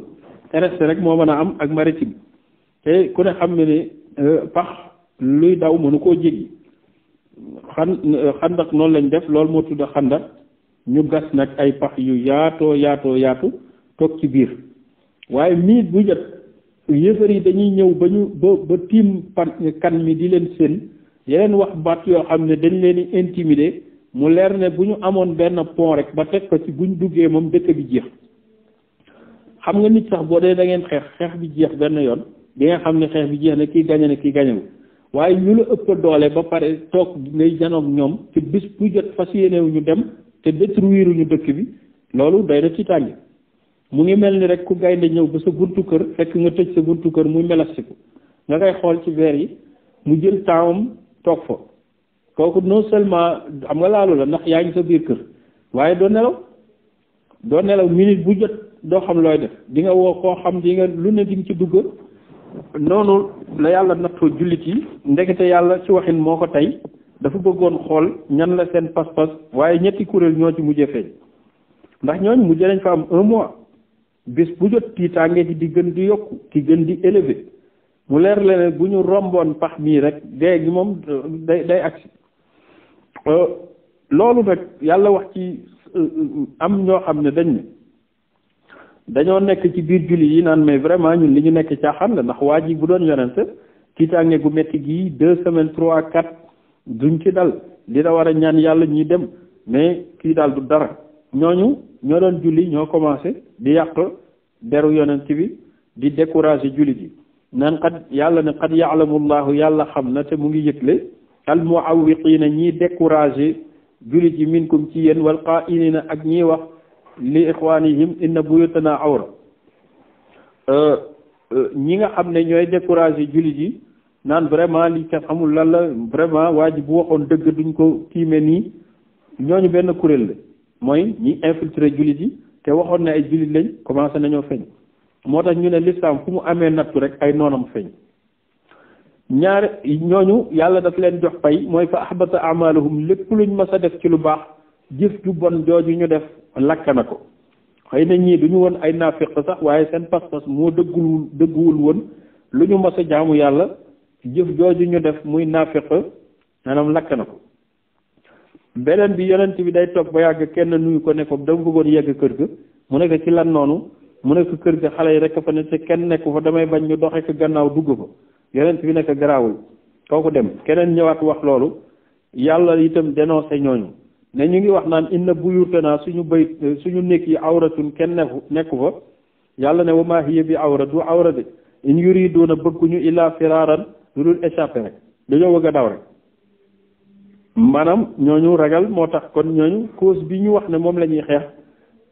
terrestre rek moo mën a am ak maritime te ku ne xam ne ni euh, pax luy daw mënu koo jéggi xan euh, xandak noonu lañ def loolu moo tudd xandak ñu gas nag ay pax yu yaatoo yaatoo yaatu toog ci biir waaye miit bu jot yéefar yi dañuy ñëw ba ñu ba ba tiim pan kan mi di leen seen yeneen wax baat yoo xam ne dañ leen di intimider mu leer ne bu ñu amoon benn pont rek ba teg ko ci bu duggee moom dëkk bi jeex xam nga nit sax boo dee da ngeen xeex xeex bi jeex benn yoon di xam ne xeex bi jeex na kii gañe na kii gañe na waaye ñu la ëpp doole ba pare toog ngay janoog ñoom te bis bu jot fas yéenewu ñu dem te détruire ñu dëkk bi loolu day na ci tàngi mu ngi mel ni rek ku gaynde ñëw ba sa buntu kër fekk nga tëj sa buntu kër muy melasiku nga koy xool ci verre yi mu jël tempsam toog fa kooku non seulement am nga laalu la ndax yaa ngi sa biir kër waaye doo nelaw doo nelaw minute bu jot doo xam looy def di nga woo koo xam di lu ne di nga ci dugg noonu la yàlla nattoo jullit yi ndekete yàlla ci waxin moo ko tey dafa bëggoon xool ñan la seen pas-pas waaye ñetti kuréel ñoo ci mujjee feeñ ndax ñooñu mujjee nañ bis bu jot tiitaange gi di gën di yokk di gën di élevé mu leer la ne bu ñu romboon pax mii rek dee gi moom day day agsi euh, loolu nag yàlla wax ci euh, euh, am ñoo xam ne dañ ne dañoo nekk ci biir julli yi naan mais vraiment ñun li ñu nekk caaxaan la ndax waa ji bu doon yonente tiitaange gu métti gii deux semaines trois quatre duñ ci dal dina war a ñaan yàlla ñuy dem mais kii daal du dara ñooñu ñoo doon julli ñoo commencé di yàq deru yonent bi di décourager jullit yi naan xat yàlla ne xat yaalamullahu yàlla xam na te mu ngi yëgle al muawwiqiina ñii décourager jullit yi minkum ci yéen wal na ak ñiy wax li ixwaanihim inna buyutanaa awra euh, euh, ñi nga xam ne ñooy décourager jullit yi naan vraiment li kenn xamul lan la vraiment waa ji bu waxoon dëgg duñ ko tiime nii ñooñu benn kuréel la mooy ñii infiltrer jullit yi te waxoon na ay jullit lañ commencé nañoo feeñ moo tax ñu ne lislaam fu mu amee nattu rek ay noonam feeñ ñaar ñooñu yàlla daf leen jox pay mooy fa ahbata amalahum lépp luñ mas a def ci lu baax jëf ju bon jooju ñu def lakk na ko xëy na ñii du ñu woon ay naafiq sax waaye seen pas-pas moo dëgguwul dëgguwul woon lu ñu mas a jaamu yàlla jëf jooju ñu def muy naafiq maanaam lakk na ko beneen bi yonent bi day toog ba yàgg kenn nuyu ko ne ko dama bëggoon yegg kër gi mu nekk ci lan noonu mu nekk kër gi xale yi rek fa ne te kenn nekku fa damay bañ ñu doxee ko gannaaw dugg fa yonent bi nekk garaawul kooku dem keneen ñëwaat wax loolu yàlla itam dénoncé ñooñu ne ñu ngi wax naan inna buyutanaa suñu bëy suñu nekk yi awratun kenn nekku nekku fa yàlla ne wa maa hiya bi awra du awra de in yuriduuna bëgguñu illa firaaran lu dul échappé rek dañoo bëgg a daw rek maanaam ñu ragal moo tax kon ñooñu cause bi ñu wax ne moom la ñuy xeex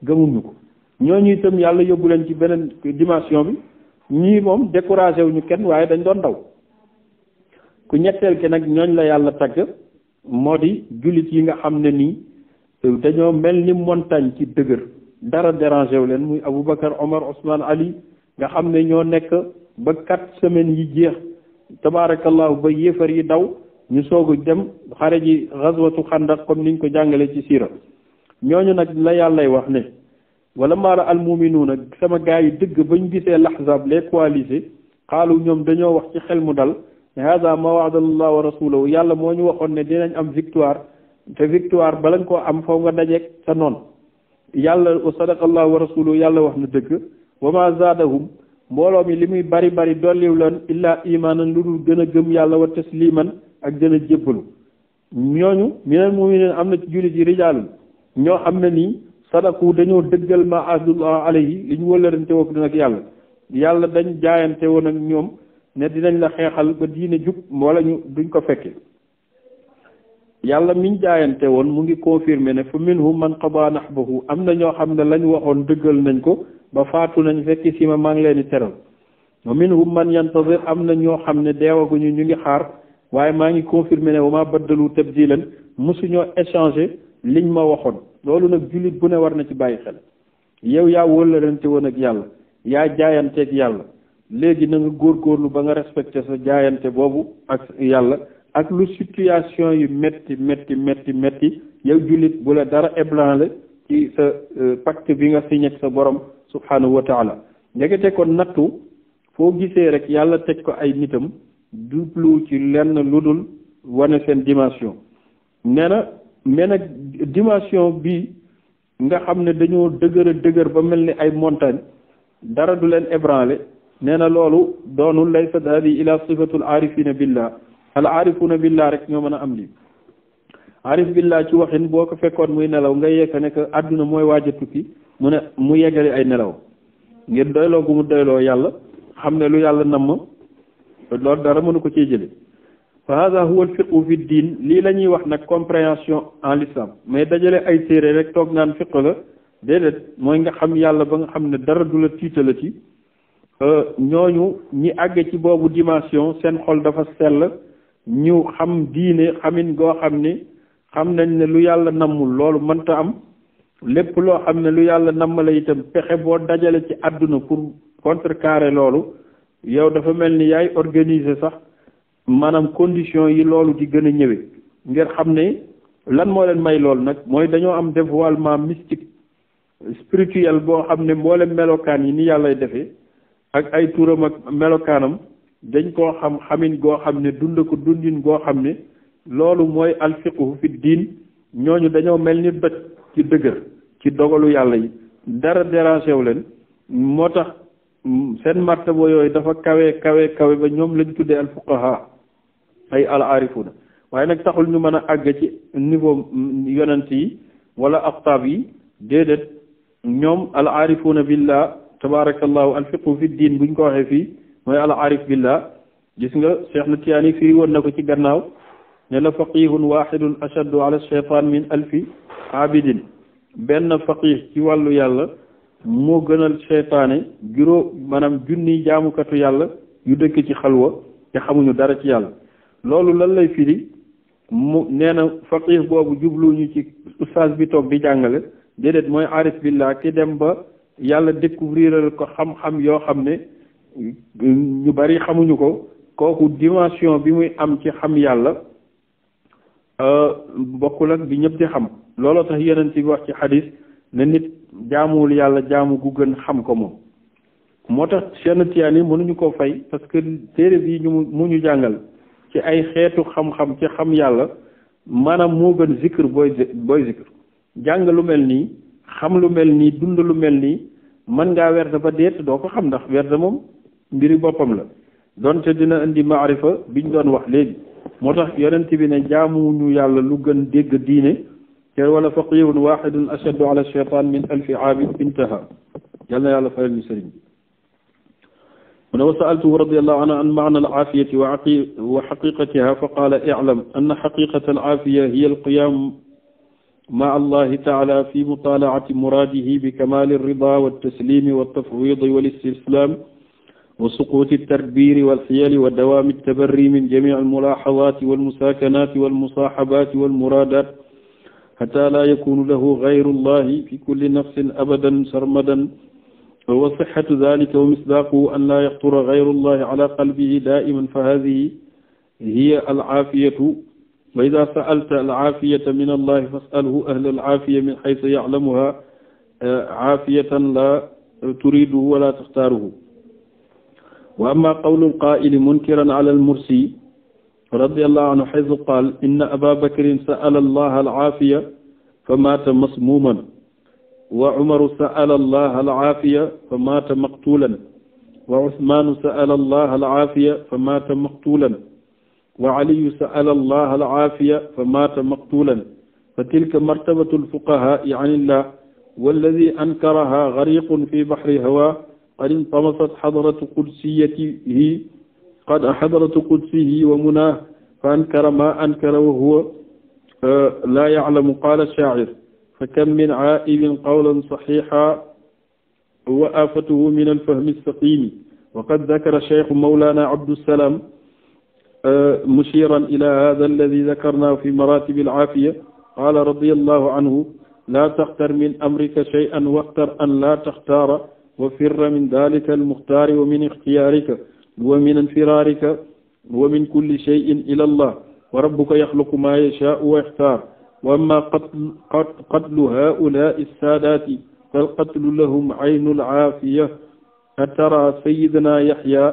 gëmuñu ko ñoo ñu itam yàlla yóbbu leen ci beneen dimension bi ñii moom découragé wuñu kenn waaye dañ doon daw ku ñetteel ki nag ñooñ la yàlla tagg moo di jullit yi nga xam ne nii dañoo mel ni montagne ci dëgër dara dérangé wu leen muy Aboubacar Omar Ousmane Ali nga xam ne ñoo nekk ba quatre semaines yi jeex tabaarakallahu ba yéefar yi daw ñu soogu dem xare ji xaswatu xandaq comme niñ ko jàngale ci siira ñooñu nag la yàllay wax ne wala maara almuminuuna sama gaa yi dëgg bañ gisee laxzab les coalisés xaalu ñoom dañoo wax ci xel mu dal ne hada ma waadallah wa rasulahu yàlla moo ñu waxoon ne dinañ am victoire te victoire bala nga koo am foo nga dajeeg sa noon yàlla wa sadaqallahu wa rasuluhu yàlla wax na dëgg wa ma zaadahum mbooloo mi li muy bari bari dolliw leen illaa gën a yàlla wa tasliman ak dana jébbalu ñooñu minal mu'miniina am na ci jullit yi rijaalun ñoo xam na nii sadaku dañoo dëggal ma ahdullah yi li ñu wëllarante woon ak yàlla yàlla dañ jaayante woon ak ñoom ne dinañ la xeexal ba diine jub wala ñu duñ ko fekke yàlla miñ jaayante woon mu ngi confirmer ne fa minhum man qada nahbahu am na ñoo xam ne lañ waxoon dëggal nañ ko ba faatu nañ fekk si ma maa ngi leen di teral man yantazir am na ñoo xam ne deewaguñu ñu waaye maa ngi confirmé ne wa maa baddalu tabdilan mosuñoo échangé liñ ma waxoon loolu nag jullit bu ne war na ci bàyyi xel yow yaa wóolarante woon ak yàlla yaa jaayanteeg yàlla léegi na nga góorlu ba nga respecté sa jaayante boobu ak yàlla ak lu situation yi métti métti métti métti yow jullit bu la dara ébranlé ci sa euh, pacte bi nga signé ak sa borom subhanahu wa taala ndekete kon nattu foo gisee rek yàlla teg ko ay nitam du duplu ci lenn lu dul wane seen dimension nee na mais nag dimension bi nga xam ne dañoo dëgër a dëgër ba mel ni ay montagne dara du leen ébranlé nee na loolu doonul laysa hadi ila sifatul arifina billah al arifuna billah rek ñoo mën a am lii arif billah ci waxin boo ko fekkoon muy nelaw nga yekka ne àdduna mooy waaja a tukki mu ne mu yeggale ay nelaw ngir doyloo gu mu doyloo yàlla xam ne lu yàlla namm loolu dara mënu ko cee jële fa hada fi diin lii la ñuy wax nag compréhension en l'islam mais dajale ay téere rek toog naan fiq la déedéet mooy nga xam yàlla ba nga xam ne dara du la ci euh, ñooñu ñi àgg ci boobu dimension seen xol dafa sell ñu xam diine xamin goo xam ni xam nañ ne lu yàlla nammul loolu mënta am lépp loo xam ne lu yàlla nammala itam pexe boo dajale ci àdduna pour carré loolu yow dafa mel ni yaay organiser sax maanaam condition yi loolu ci gën a ñëwee ngir xam ne lan moo leen may lool nag mooy dañoo am dévoilement mystique spirituel boo xam ne mboolem melokaan yi ni yàllay defee ak ay turam ak melokaanam dañ koo xam xamin goo xam ne dund ko dundin goo xam ne loolu mooy alfiqhu fi diin ñooñu dañoo mel ni doj ci dëgër ci dogalu yàlla yi dara dérangé leen moo tax seen martaba yooyu dafa kawe kawe kawe ba ñoom lañ tuddee al fuqaha ay al arifuna waaye nag taxul ñu mën a àgg ci niveau yonent yi wala aqtaab yi déedéet ñoom al arifuna billah tabarakallahu al fiqhu fi diin buñ ko waxee fii mooy al arif billah gis nga Cheikh na Tiyaani fii woon na ko ci gannaaw ne la faqihun waxidun ashaddu ala shaytan min alfi abidin benn faqih ci wàllu yàlla moo gënal seytaane juróom maanaam junni jaamukatu yàlla yu dëkk ci xalwa te xamuñu dara ci yàlla loolu lan lay firi mu nee na faqih boobu jubluñu ci ustaas bi toog di jàngale déedéet mooy arif billah ki dem ba yàlla découvriral ko xam-xam yoo xam ne ñu bari xamuñu ko kooku dimension bi muy am ci xam yàlla euh, bokkul ak bi ñëpp di xam looloo tax yeneen ci wax ci xadis ne nit jaamuwul yàlla jaamu gu gën xam ko moom moo tax Cheikh Tidiane mënuñu koo fay parce que téere bii ñu mu ñu jàngal ci ay xeetu xam-xam ci xam yàlla maanaam moo gën zikr booy booy zikr jàng lu mel nii xam lu mel nii dund lu mel nii mën ngaa werd ba deet doo ko xam ndax werd moom mbiri boppam la donte dina indi maarifa biñ doon wax léegi moo tax yonent bi ne jaamuwuñu yàlla lu gën dégg diine te wala faqihun waxidun ashaddu ala shaytan min alfi aabid intaha yal na yàlla fayal ñu sëriñ bi mu ne wa saaltuhu radiallahu anhu an maana alaafiyati wa aqi wa xaqiqatiha fa qaala iclam anna xaqiqata alaafiya hiya alqiyaam ma allahi taala fi mutalaati muraadihi bi kamaali alrida waltaslimi waltafwidi walistislaam wa suquuti altadbiri walxiyali wa dawaami altabarri min jamici almulaaxadaati walmusaakanaati walmusaaxabaati walmuraadaat xataa laa yakunu lahu gayru llahi fi kulli nafsin abadan sarmadan wa sixatu dalika wa misdaaquhu an laa yaxtura gayru llahi ala qalbihi daiman fa hadihi hiya alcaafiyatu wa ida saalta alcaafiyata min allahi fasalhu ahla alcaafiya min xaysu yaclamuha caafiyatan eh, laa turiduhu wala taxtaaruhu wa amma qawlu alqaaili munkiran ala almursi radiyallahu anhu xaytu qaal inna aba bakrin sa'ala allaha alaafiya fa maata masmuuman wa umaru sa'ala allaha alaafiya fa maata maqtuulan wa usmaanu sa'ala allaha alaafiya fa maata maqtuulan wa aliyu sa'ala allaha alaafiya fa maata maqtuulan fa tilka martabatu alfuqahaa'i an illah walladi ankaraha gariqun fi baxri hawaa qad intamasat xadratu qudsiyatihi qad hadratu qudsihi wa munah fa ankara ma ankara wa huwa la ya'lamu qala sha'ir fa kam min 'aa'ibin qawlan sahihan wa aafatuhu min al-fahmi as-saqimi wa qad dhakara shaykhu mawlana Abdus Salam mushiran ila hadha alladhi dhakarnahu fi maratib al-'afiya qala radiyallahu anhu la takhtar min amrika shay'an wakhtar an la takhtara wa firra min dhalika al-mukhtar wa min ikhtiyarika huwa min infiraarika wa min kulli shay'in ila allah wa rabbuka yaxluqu ma yashaa'u wa yaxtaar wa amma qatlu haa'ulaa'i saadaati falqatlu lahum aynu alcaafiya atara sayidna yaxya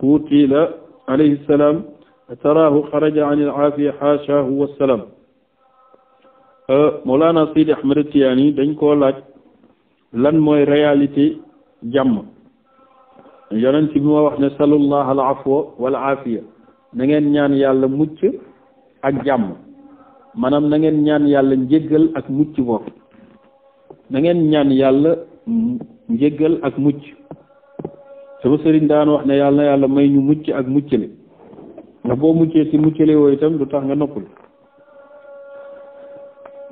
qutila alayhi salaam ataraahu xaraja an alcaafiya xaashaahu wassalaam euh, Mawlana Seydi Ahmad Tijaani dañ koo laaj lan mooy réalité jàmm yonent bi moo wax ne salullah al afwa wal afiya ñaan yàlla mucc ak jàmm maanaam na ngeen ñaan yàlla njéggal ak mucc bopp na ñaan yàlla njéggal ak mucc sama sëriñ daan wax ne yàlla yàlla may ñu mucc ak muccale ndax boo muccee ci muccale woo itam du tax nga noppul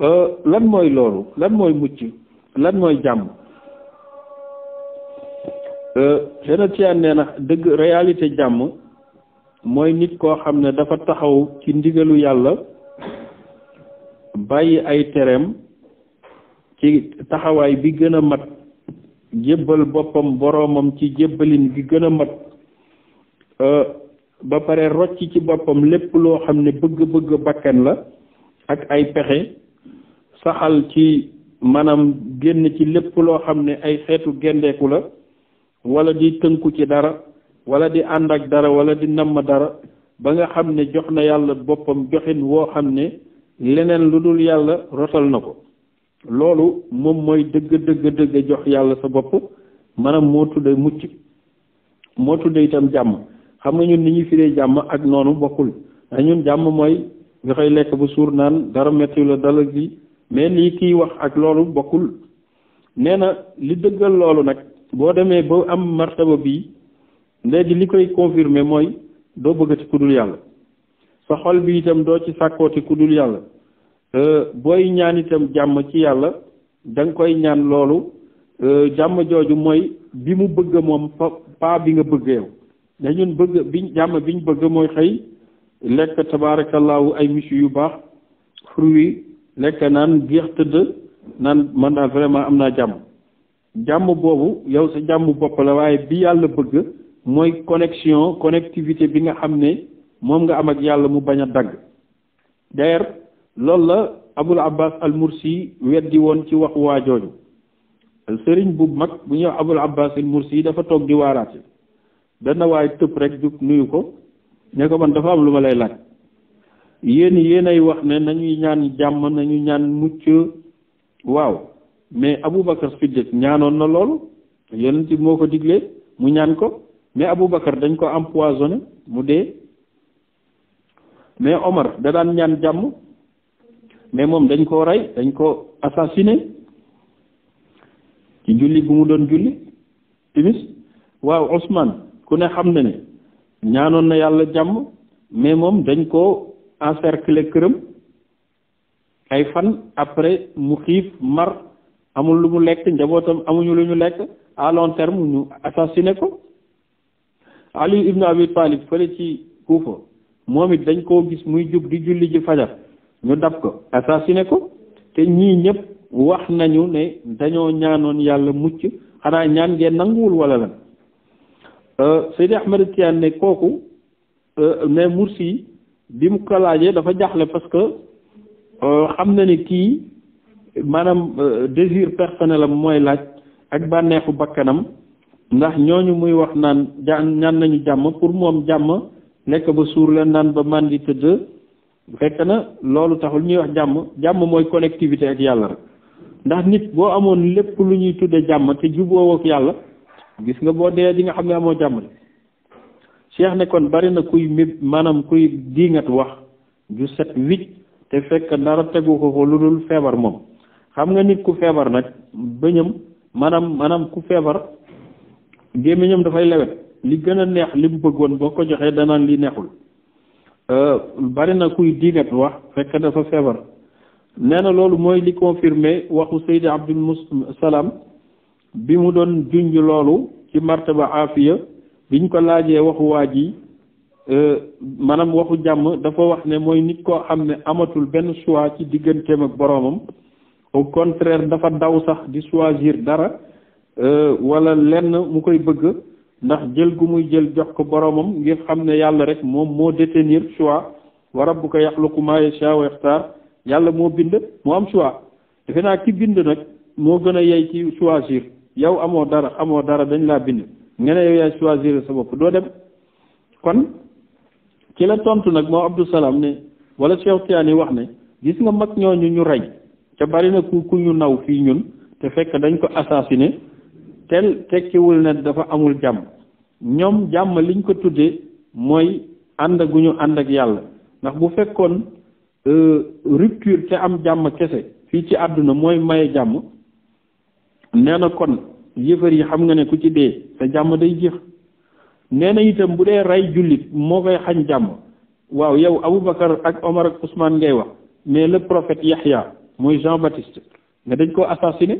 euh, lan mooy loolu lan mooy mucc lan mooy jàmm Cheikh Tijaan nee na dëgg réalité jàmm mooy nit koo xam ne dafa taxaw ci ndigalu yàlla bàyyi ay tereem ci taxawaay bi gën a mat jébbal boppam boroomam ci jébbalin gi gën a mat euh, ba pare rocc ci boppam lépp loo xam ne bëgg-bëgg bakkan la ak ay pexe saxal ci maanaam génn ci lépp loo xam ne ay xeetu gendeeku la wala di tënku ci dara wala di ànd ak dara wala di namm dara ba nga xam ne jox na yàlla boppam joxin woo xam ne leneen lu dul yàlla rotal na ko loolu moom mooy dëgg dëgg dëgg jox yàlla sa bopp maanaam moo tudd mucc moo tudde itam jàmm xam nga ñun ni ñuy firee jàmm ak noonu bokkul a jàmm mooy nga lekk ba suur naan dara mettiwu la dala gi mais nii kiy wax ak loolu bokkul nee na li dëggal loolu nag boo demee ba am martaba bii léegi li koy confirmer mooy doo bëggati ku dul yàlla sa xol bi itam doo ci sàkkooti ku dul yàlla euh, booy ñaan itam jàmm ci yàlla da nga koy ñaan loolu euh, jàmm jooju mooy bi mu bëgg moom pa bi nga bëgg yow da ñun bëgg bi jàmm bi ñu bëgg mooy xëy lekk tabaarakallaahu ay misu yu baax fruit lekk naan géex tëdd naan man daal vraiment am naa jàmm jàmm boobu yow sa jàmm bopp la waaye bi yàlla bëgg mooy connexion connectivité bi nga xam ne moom nga am ak yàlla mu bañ a dagg d'ailleurs loolu la abul abbas al mursi weddi woon ci wax waa jooju sëriñ bu mag bu ñuy wax abul abbas al mursi dafa toog di waaraate benn waay tëb rek jug nuyu ko ne ko man dafa am lu ma lay laaj yéen yéenay wax ne nañuy ñaan jàmm nañu ñaan mucc waaw mais Aboubacar Siddiq ñaanoon na loolu yonent bi moo ko digle mu ñaan ko mais Aboubacar dañ ko empoisonné mu dee mais Omar da daan ñaan jàmm mais moom dañ ko rey dañ ko assassiné ci julli bu mu doon julli timis waaw Ousmane ku ne xam na ne ñaanoon na yàlla jàmm mais moom dañ ko encercler këram ay fan après mu xiif mar amul lu mu lekk njabootam amuñu lu ñu lekk à long terme ñu assassiné ko Ali ibn Abi Talib fële ci Kuufa moom it dañ koo gis muy jub di julli ji fajar ñu dab ko assassiné ko te ñii ñëpp wax nañu ne dañoo ñaanoon yàlla mucc xanaa ñaan ngeen nanguwul wala lan euh, Seydi Ahmed Tidiane ne kooku euh, ne Mursi bi mu ko dafa jaxle parce que euh, xam na ni kii maanaam euh, désir personnel am mooy laaj ak bànneexu bakkanam ndax ñooñu muy wax naan jaan ñaan nañu jàmm pour moom jàmm lekk ba suur la naan ba màndi tëdd fekk na loolu taxul ñuy wax jàmm jàmm mooy connectivité ak yàlla rek ndax nit boo amoon lépp lu ñuy tudde jàmm te juboo ak yàlla gis nga boo dee di nga xam ne amoo jàmm de Cheikh ne kon bari na kuy mib maanaam kuy diingat wax ju set wicc te fekk ndara tegu ko ko lu dul feebar moom xam nga nit ku feebar nag bëñam maanaam manam ku feebar gémmiñam dafay lewet li gën a neex li mu bëggoon boo ko joxee danaan li neexul euh, bari na kuy diigat wax fekk dafa feebar nee na loolu mooy li confirmé waxu Seydi Abdul Mus Salaam bi mu doon junj loolu ci martaba afiya biñ ko laajee waxu waa ji euh, maanaam waxu jàmm dafa wax ne mooy nit koo xam ne amatul benn choix ci digganteem ak boroomam au contraire dafa daw sax di choisir dara euh, walla lenn mu koy bëgg ndax jël gu muy jël jox ko boromam ngir xam ne yàlla rek moom moo détenir choix wa rabbuka yaxluqu maa yashaa wa yaxtaar yàlla moo bind moo am choix defe naa ki bind nag moo gën a yey ci choisir yow amoo dara amoo dara dañ laa bind nga ne yow yaay choisir sa bopp doo dem kon ci la tontu nag moo Abdou Salam ne wala Cheikh Tiani wax ne gis nga mag ñooñu ñu rey te bari na ku ku ñu naw fii ñun te fekk dañ ko assassiné tel tekkiwul ne dafa amul jàmm ñoom jàmm liñ ko tuddee mooy ànd gu ñu ànd ak yàlla ndax bu fekkoon euh, rupture te am jàmm kese fii ci àdduna mooy maye jàmm nee kon yëfër yi xam nga ne ku ci dee sa jàmm day jeex nee na itam bu dee rey jullit moo koy xañ jàmm waaw yow Aboubacar ak Omar ak Ousmane ngay wax mais le prophète Yahya mooy Jean Baptiste ne dañ koo assassiné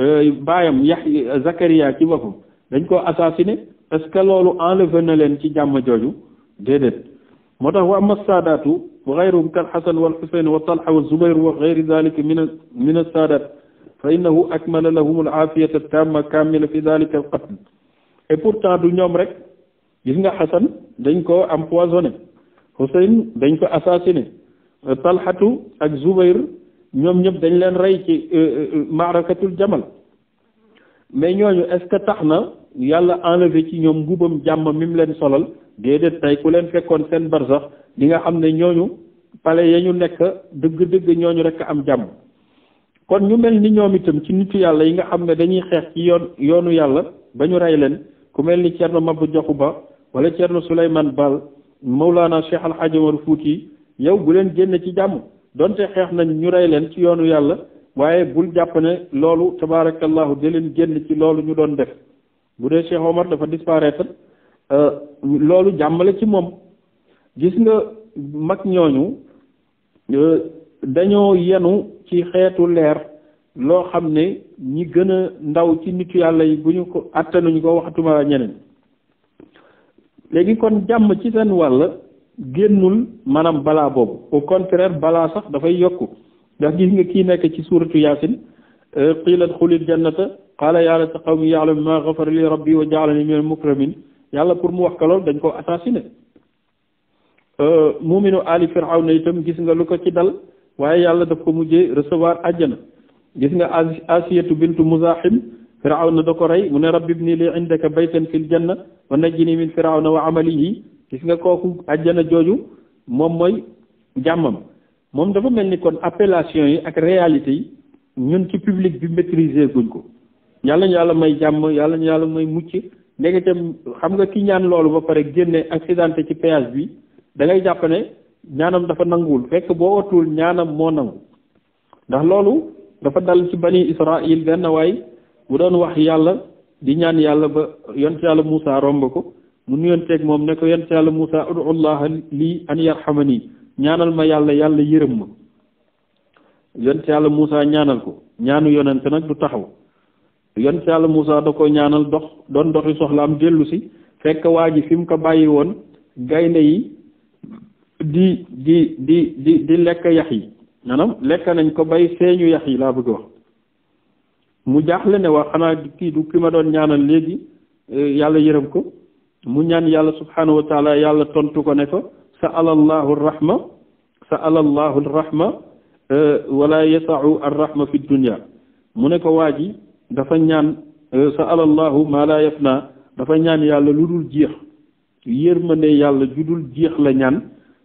euh, baayam Yahya Zakaria ci boppam dañ koo assassiné est en que loolu leen ci jàmm jooju déedéet moo tax wa ama saadaatu wa xayruhum kal xasan wal xusayn wa talha wa zubayr wa xayri dalika min min asaadat fa innahu akmala lahum al aafiyata tamma kamila fi dalika al qatl et pourtant du ñoom rek gis nga xasan dañ ko empoisonné xusayn dañ ko assassiné talhatu ak zubayr ñoom ñëpp dañ leen rey ci euh, euh, euh, maarakatul jamal mais ñooñu est-ce tax na yàlla enlevé ci ñoom ngubam jàmm mi mu leen solal déedéet tey ku leen fekkoon seen barsax di nga xam ne ñooñu pale ya ñu nekk dëgg-dëgg ñooñu rek am jàmm kon ñu mel ni ñoom itam ci nitu yàlla yi nga xam ne dañuy xeex ci yoon yoonu yàlla ba ñu rey leen ku mel ni Thierno Mabou Diakhou Ba wala Thierno Souleymane Bal Mawlana Cheikh Al Hadj Omar Fouti yow bu leen génn ci jàmm donte xeex nañ ñu rey leen ci yoonu yàlla waaye bul jàpp ne loolu tabaarakallahu di leen génn ci loolu ñu doon def bu dee Cheikh Omar dafa disparaître euh, loolu jàmmale ci moom gis nga mag ñooñu euh, dañoo yenu ci xeetu leer loo xam ne ñi gën a ndaw ci nitu yàlla yi bu ñu ko attanuñu ko waxatuma ñeneen léegi kon jàmm ci seen wàll génnul maanaam balaa boobu au contraire balaa sax dafay yokku ndax gis nga kii nekk ci suuratu yaasin euh, qiila dxulil jannata qaala yaa layta qawmi yaalamu maa gafara li rabbi wa jaalani min al mukramin yàlla pour mu wax ko dañ ko assassiné euh, muminu ali firawna itam gis nga lu ko ci dal waaye yàlla daf ko mujjee recevoir àjjana gis nga asiyatu bintu muzaahim firawna da ko rey mu ne rabbi ibni li indaka baytan fil janna wa najjini min firawna wa amalihi gis nga kooku àjjana jooju moom mooy jàmmam moom dafa mel ni kon appellation yi ak réalité yi ñun ci public bi maîtriser guñ ko yàlla ñu yàlla may jàmm yàlla ñu yàlla may mucc léegi tam xam nga ki ñaan loolu ba pare génne accidenté ci péage bi dangay ngay ñaanam dafa nanguwul fekk boo watul ñaanam moo nangu ndax loolu dafa dal ci bani Israël benn waay bu doon wax yàlla di ñaan yàlla ba yont yàlla Moussa romb ko mu nuyonteeg moom ne ko si yàlla Moussa udullaha lii an yarhamani ñaanal ma yàlla yàlla yërëm ma yont yàlla Moussa ñaanal ko ñaanu yonente nag du taxaw yont yàlla muusa da ko ñaanal dox doon doxi soxlaam dellu si fekk waa ji fi ko bàyyi woon gaynde yi di di di di lekk yax yi maanaam lekk nañ ko bay seeñu yax yi laa bëgg wax mu jaaxle ne waa xanaa kii du ki ma doon ñaanal léegi eh, yàlla yërëm ko mu ñaan yàlla subhanahu wa yàlla tontu ko ne ko sa alallahu rahma sa alallahu rahma euh, wala yasau arrahma fi dunya mu ne ko waa ji dafa ñaan euh, sa alallahu ma la dafa ñaan yàlla lu dul jeex ne yàlla ju dul jeex la ñaan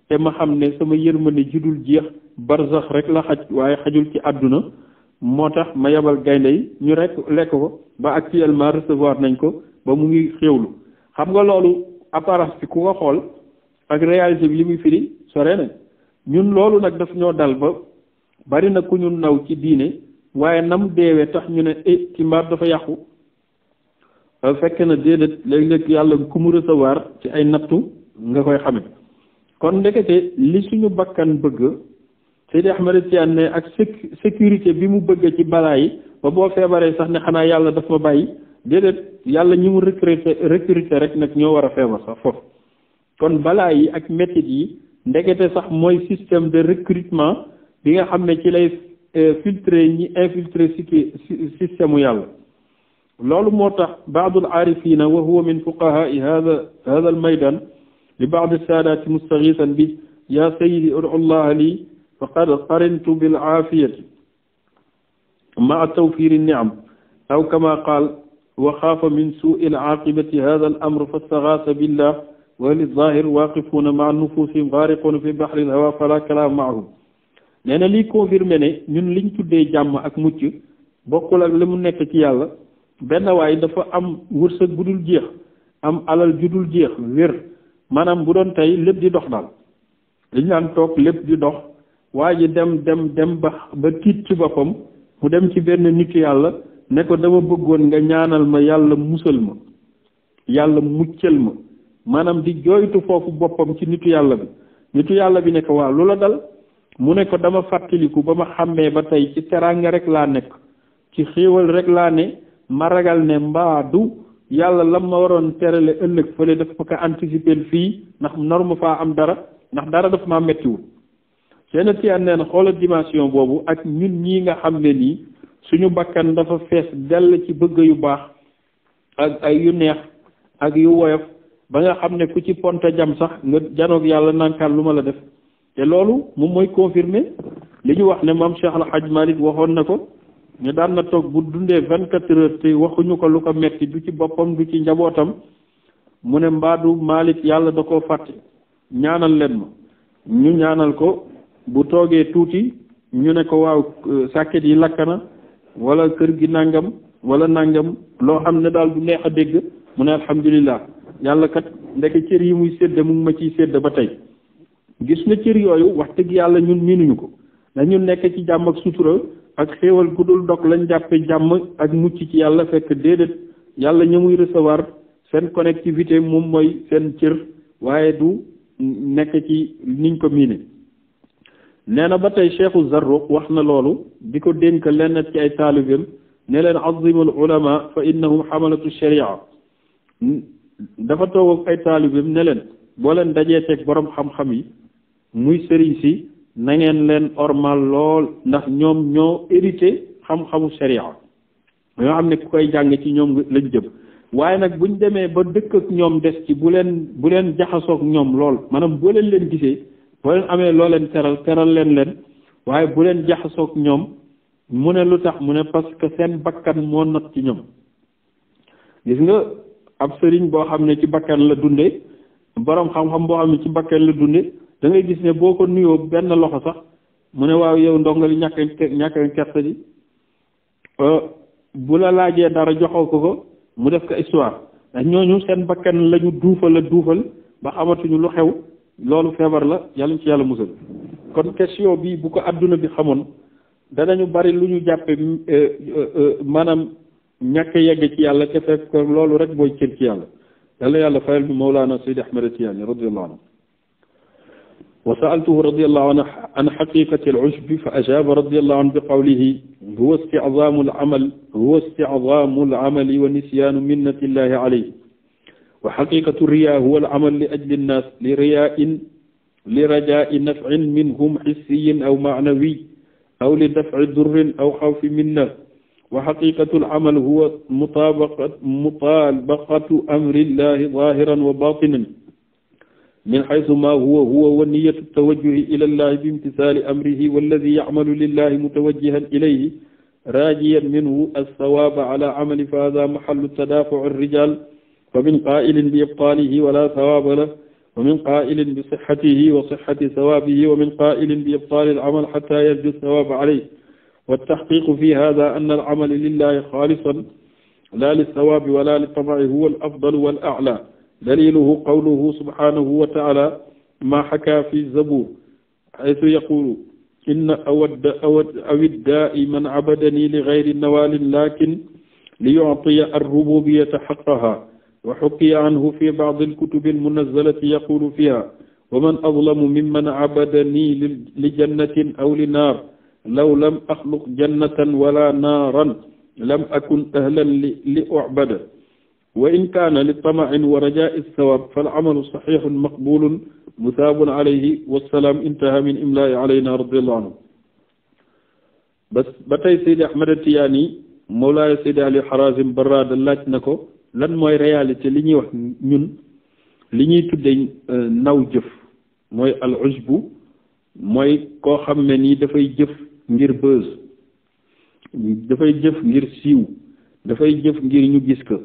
te ma xam ne sama yërmande ju dul jeex barzax rek la xaj waaye xajul ci àdduna moo tax ma yebal gaynde yi ñu rek lekk ko ba actuellement recevoir nañ ko ba mu ngi xéwlu xam nga loolu apparence bi ku ko xool ak réalité bi li muy firi sore nañ ñun loolu nag daf ñoo dal ba bari na ku ñu naw ci diine waaye nam deewee tax ñu ne eh ci dafa yàqu euh, fekk na déedéet léeg-léeg yàlla ku mu recevoir ci ay nattu nga koy xame kon ndekete li suñu bakkan bëgg Seydi Ahmed Tidiane ne ak sécurité bi mu bëgg ci balaa yi ba boo feebaree sax ne xanaa yàlla daf ma bàyyi déedéet yàlla ñi mu recruter rek nag ñoo war a feebar sax foofu kon balaa yi ak métit yi ndekete sax mooy système de recrutement bi nga xam ne ci lay euh, filtrer ñi infiltrer système u yàlla loolu moo tax baadul aarifina wa huwa min fuqahai hada hada al maydan li baadi saadaati mustagiisan bi yaa sayidi udu llaha li faqad qarintu bil aafiyati maa tawfiri niam aw kama qaal wa xaafa min suu'i aaqibati haadha al-amr fastaxaasa billah wa li-zaahir waaqifuuna ma'a nufuusihim gaariquuna fi bahri al-hawaa falaa kalaama ma'ahum nee na liy confirmé ne ñun liñ tuddee jàmm ak mucc bokkul ak li mu nekk ci yàlla benn waay dafa am wërsëg bu dul jeex am alal ju dul jeex wér maanaam bu doon tey lépp di dox daal dañ naan toog lépp di dox waa ji dem dem dem ba ba tiit ci boppam mu dem ci benn nitu yàlla ne ko dama bëggoon nga ñaanal ma yàlla musal ma yàlla muccal ma maanaam di jooytu foofu boppam ci nitu yàlla bi nitu yàlla bi nekk ko waa lu la dal mu ne ko dama fàttaliku ba ma xàmmee ba tey ci teraanga rek laa nekk ci xéewal rek laa ne ma ragal ne mbaadu yàlla lam ma waroon terale ëllëg fële dafa ma ko anticiper fii ndax naruma faa am dara ndax dara dafa maa mettiwul seen tiyaan nee na xoola dimension boobu ak ñun ñii nga xam ne nii suñu bakkan dafa fees dell ci bëgg yu baax ak ay yu neex ak yu woyof ba nga xam ne ku ci ponta jam sax nga janoog yàlla nankaan lu ma la def te loolu moom mooy confirmer li ñu wax ne maam Cheikh Al Hadj Malick waxoon na ko ñu daan na toog bu dundee vingt quatre heures te waxuñu ko lu ko metti du ci boppam du ci njabootam mu ne mbaadu malit yàlla da koo fàtte ñaanal leen ma ñu ñaanal ko bu toogee tuuti ñu ne ko waaw euh, sàkket yi lakk na wala kër gi nangam wala nangam loo xam ne daal du neex a dégg mu ne alhamdulilah yàlla kat ndeke cër yi muy sédd mu ma ciy sédd ba tey gis na cër yooyu wax dëgg yàlla ñun miinuñu ko dañu nekk ci jàmm ak sutura ak xéewal gudul dog lañ jàppee jàmm ak mucc ci yàlla fekk déedéet yàlla ña muy recevoir seen connectivité moom mooy seen cër waaye du nekk ci niñ ko miine nee na ba tey cheikhu Zarruq wax na loolu di ko dénk lenn ci ay taalibeem ne leen azimul ulama fa innahum xamalatu sharia dafa toog ak ay taalibeem ne leen boo leen dajee teg boroom xam-xam yi muy sëriñ si na ngeen leen ormal lool ndax ñoom ñoo hérité xam-xamu sharia yoo xam ne ku koy jàng ci ñoom lañ jëm waaye nag buñ demee ba dëkk ak ñoom des ci bu leen bu leen jaxasoog ñoom lool maanaam boo leen leen gisee boo leen amee loo leen teral teral leen leen waaye bu leen jaxasook ñoom mu ne lu tax mu ne parce seen bakkan moo not ci ñoom gis nga ab sëriñ boo xam ne ci bakkan la dunde boroom xam-xam boo xam ne ci bakkan la dunde da ngay gis ne boo ko nuyoo benn loxo sax mu ne waaw yow ndongali ñàkk ñàkk kersa ji euh, bu la laajee dara joxoo ko ko mu def ko histoire ndax ñooñu seen bakkan lañu duufal a duufal ba xamatuñu lu xew loolu feebar la yàlla ñu ci yàlla musal kon question bi bu ko adduna bi xamoon danañu bari lu ñu jàppe euh, euh, euh, maanaam ñàkk yegg ci yàlla te fekk ko loolu rek booy cër ci yàlla yàlla yàlla fayal ñu Mawlana Seydi Ahmed Tidiane radiyallahu anhu wa sa'altuhu radiyallahu anhu an haqiqati al-'ujb fa ajaba radiyallahu anhu bi qawlihi huwa isti'zamu al-'amal huwa isti'zamu al-'amali wa nisyanu minnatillahi alayhi wa xaqiqatu riya huwa al amal li ajli nnaas li riyain li rajai nafcin minhum xissiyin aw maanawi aw li dafci durrin aw xawfi minna wa xaqiqatu al amal huwa mutaabaqat mutabaqatu amrillahi zahiran wa batinan min xaysu ma huwa huwa wa niyatu tawajjuhi ila allahi bi imtisaali amrihi walladi yacmalu lillahi mutawajjihan ilayhi raajiyan minhu alsawaaba ala amali fa hada mahallu tadaafuci alrijal wa min qaa'ilin bi ibtaalihi wala sawaaba la wa min qaa'ilin bi sixatihi wa sixati sawaabihi wa min qaa'ilin bi ibtaali al-amal xataa yarju sawaaba alayhi والتحقيق في هذا أن العمل لله خالصا لا للثواب ولا للطمع هو الأفضل والأعلى دليله قوله سبحانه وتعالى ما حكى في الزبور حيث يقول إن أود أود أوداء من عبدني لغير نوال لكن ليعطي الربوبية حقها wa xukkiya anhu fi baad alkutubi almunazalati yaqulu fiha wa man azlamu mimman abadani li jannatin aw li naar law lam axluq jannatan wala naaran lam akun ahlan li li ubada wa in kaana li tama'in wa rajaa'i sawaab fal amalu saxiixun maqbuulun musaabun alayhi wassalaam intaha min imlaa'i alaynaa radiyallaahu anhu ba ba tey Seydi Ahmad Tijaani Mawlaaya Seydi Ali Harazim Barra laaj na ko lan mooy réalité li ñuy wax ñun li ñuy tuddee euh, naw jëf mooy al ujbu mooy koo xam ne nii dafay jëf ngir bës dafay jëf ngir siiw dafay jëf ngir ñu gis ko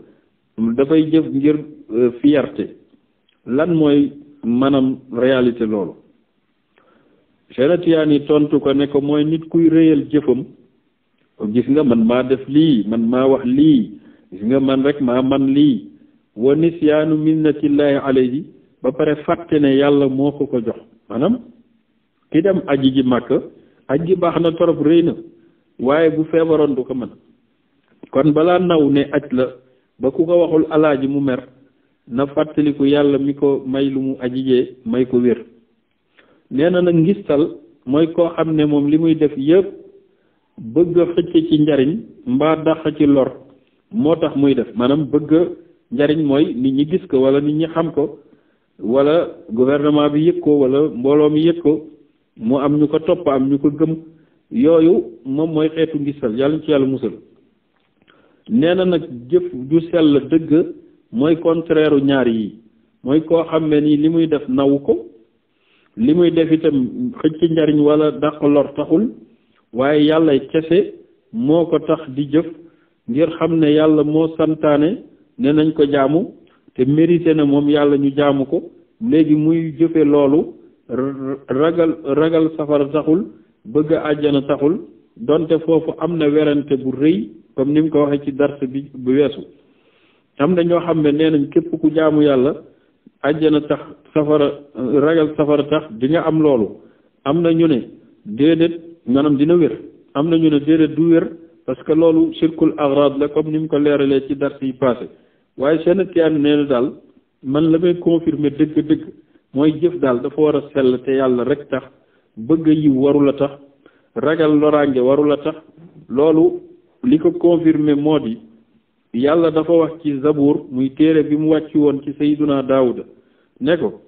dafay jëf ngir euh, fierté lan mooy maanaam réalité loolu Cheikh yi tontu ko ne ko mooy nit kuy réyal jëfam gis nga man maa def lii man maa wax lii nga man rek ma man lii wa nisyaanu minnatillahi alayhi ba pare fàtte ne yàlla moo ko ko jox maanaam ki dem aji ji màkk aji ji baax na torop rëy na waaye bu feebaroon du ko man kon balaa naw ne aj la ba ku ko waxul alaaji mu mer na fàttaliku yàlla mi ko may lu mu ajijee may ko wér nee na ngistal mooy koo xam ne moom li muy def yépp bëgg a xëcc ci njariñ mbaa dàq ci lor moo tax muy def maanaam bëgg njariñ mooy nit ñi gis ko wala nit ñi xam ko walla gouvernement bi yëg ko wala mbooloo mi yëg ko mu am ñu ko topp am ñu ko gëm yooyu moom mooy xeetu ngisal yàlla ci yàlla musal nee na nag jëf ju la dëgg mooy contraire ñaar yi mooy koo xam ne nii li muy def naw ko li muy def itam xëcc njariñ walla dàq lor taxul waaye yàlla kese moo ko tax di jëf ngir xam ne yàlla moo santaane ne nañ ko jaamu te mérité na moom yàlla ñu jaamu ko léegi muy jëfe loolu ragal ragal safara taxul bëgg àjjana taxul donte foofu am na werante bu rëy comme ni mu ko waxee ci dars bi bu weesu am na ñoo xam ne nee nañ képp ku jaamu yàlla àjjana tax safara ragal safara tax di nga am loolu am na ñu ne déedéet maanaam dina wér am na ñu ne déedéet du wér parce que loolu shirkul agrad la comme ni mu ko leeralee ci dars yi passé waaye seen tiyaani nee na daal man la may confirmer dëgg-dëgg mooy jëf daal dafa war a sell te yàlla rek tax bëgg yiw warul a tax ragal loraange warul a tax loolu li ko confirmer moo di yàlla dafa wax ci zabuur muy téere bi mu wàcc woon ci sayduna daawuda ne ko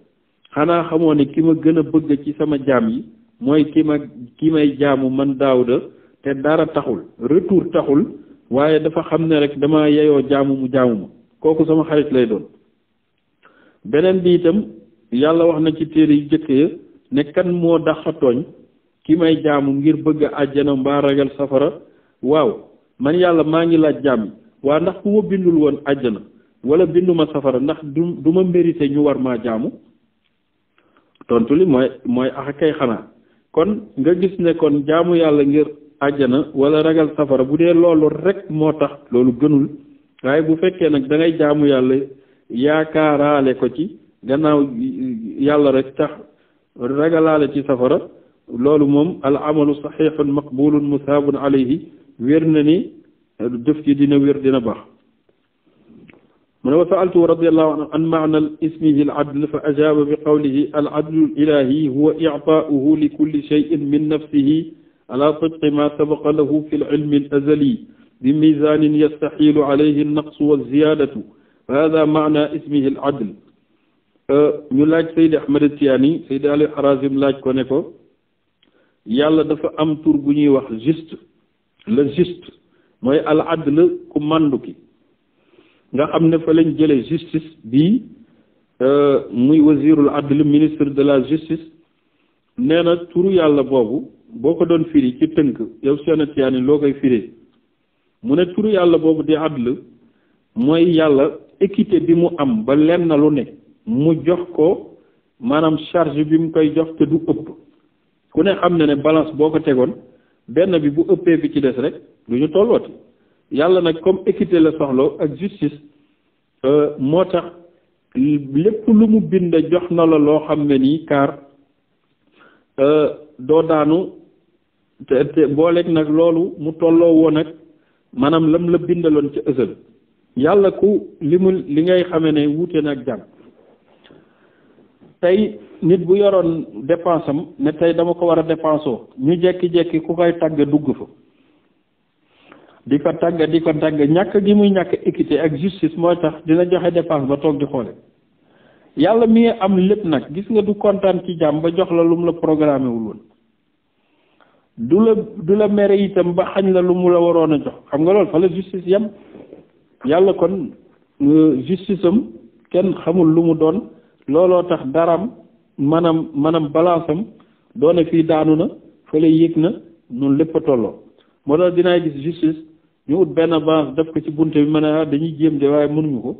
xanaa xamoo ni ki ma gën a bëgg ci sama jaam yi mooy ki ma ki may jaamu man daawuda te dara taxul retour taxul waaye dafa xam ne rek dama yeyoo jaamu mu jaamu ma kooku sama xarit lay doon beneen bi itam yàlla wax na ci téere yu jëkk ya ne kan moo daxa tooñ ki may jaamu ngir bëgg àjjana mbaa ragal safara waaw man yàlla maa ngi laaj jaam waa ndax ku ma bindul woon àjjana wala binduma safara ndax du duma ma ñu war maa jaamu tontu li mooy mooy ax ah kay xanaa kon nga gis ne jaamu yàlla ngir àjjana wala ragal safara bu dee loolu rek moo tax loolu gënul waaye bu fekkee nag dangay ngay jaamu yàlla yaakaaraale ko ci gannaaw yàlla rek tax ragalaale ci safara loolu moom al amalu saxiixun maqbulun musaabun alayhi wér na ni dina wér dina baax mu ne wa saaltu radiallahu anhu an maana al al adl fa ajaaba bi qawlihi al adlu ilahi huwa ictaauhu li kulli cheyin min nafsihi ala sidqi ma sabaqa lahu fi lcilmi alazali bi misanin yastaxilu alayhi alnaqsu walziyadatu fa hada maana ismihi aladl euh, ñu laaj Seydi Ahmed Tiyaani Seydi Ali Harazim laaj ko ne ko yàlla dafa am tur bu ñuy wax juste le juste mooy al adl ku màndu ki nga xam ne fa lañ jële justice bii euh, muy wasirul adl ministre de la justice nee na turu yàlla boobu boo ko doon firi ci tënk yow Seexna Tijaani loo koy firi mu ne turu yàlla boobu di adl mooy yàlla équité bi mu am ba lenn lu ne mu jox ko maanaam charge bi mu koy jox te du ëpp ku ne xam na ne balance boo ko tegoon benn bi bu ëppee bi ci des rek du ñu tollooti yàlla nag comme équité la soxla ak justice euh, moo tax lépp lu mu bind jox na la loo xam ne nii kaar euh, doo daanu te te booleeg nag loolu mu tolloo woon ak maanaam lam la bindaloon ca ësal yàlla ku li mu li ngay xame ne wuute nag jàng tey nit bu yoroon dépense am ne tey dama ko war a dépense oo ñu jekki-jekki ku koy tàgg dugg fa di ko tàgg di ko tàgg ñàkk gi muy ñàkk équité ak justice mooy tax dina joxe dépense ba toog di xoole yàlla mi am lépp nag gis nga du kontaan ci jàmm ba jox la lu mu la programmé wul woon du la du la mere itam ba xañ la lu mu la waroon a jox xam nga loolu fa la justice yam yàlla kon euh, justice am kenn xamul lu mu doon looloo tax daram manam manam balance am doone fii daanu na fële yéeg na noonu lépp a tolloo moo tax dinaay gis justice ñu ut benn balance def ko ci bunte bi mën a ah, dañuy jéem de waaye mënuñu ko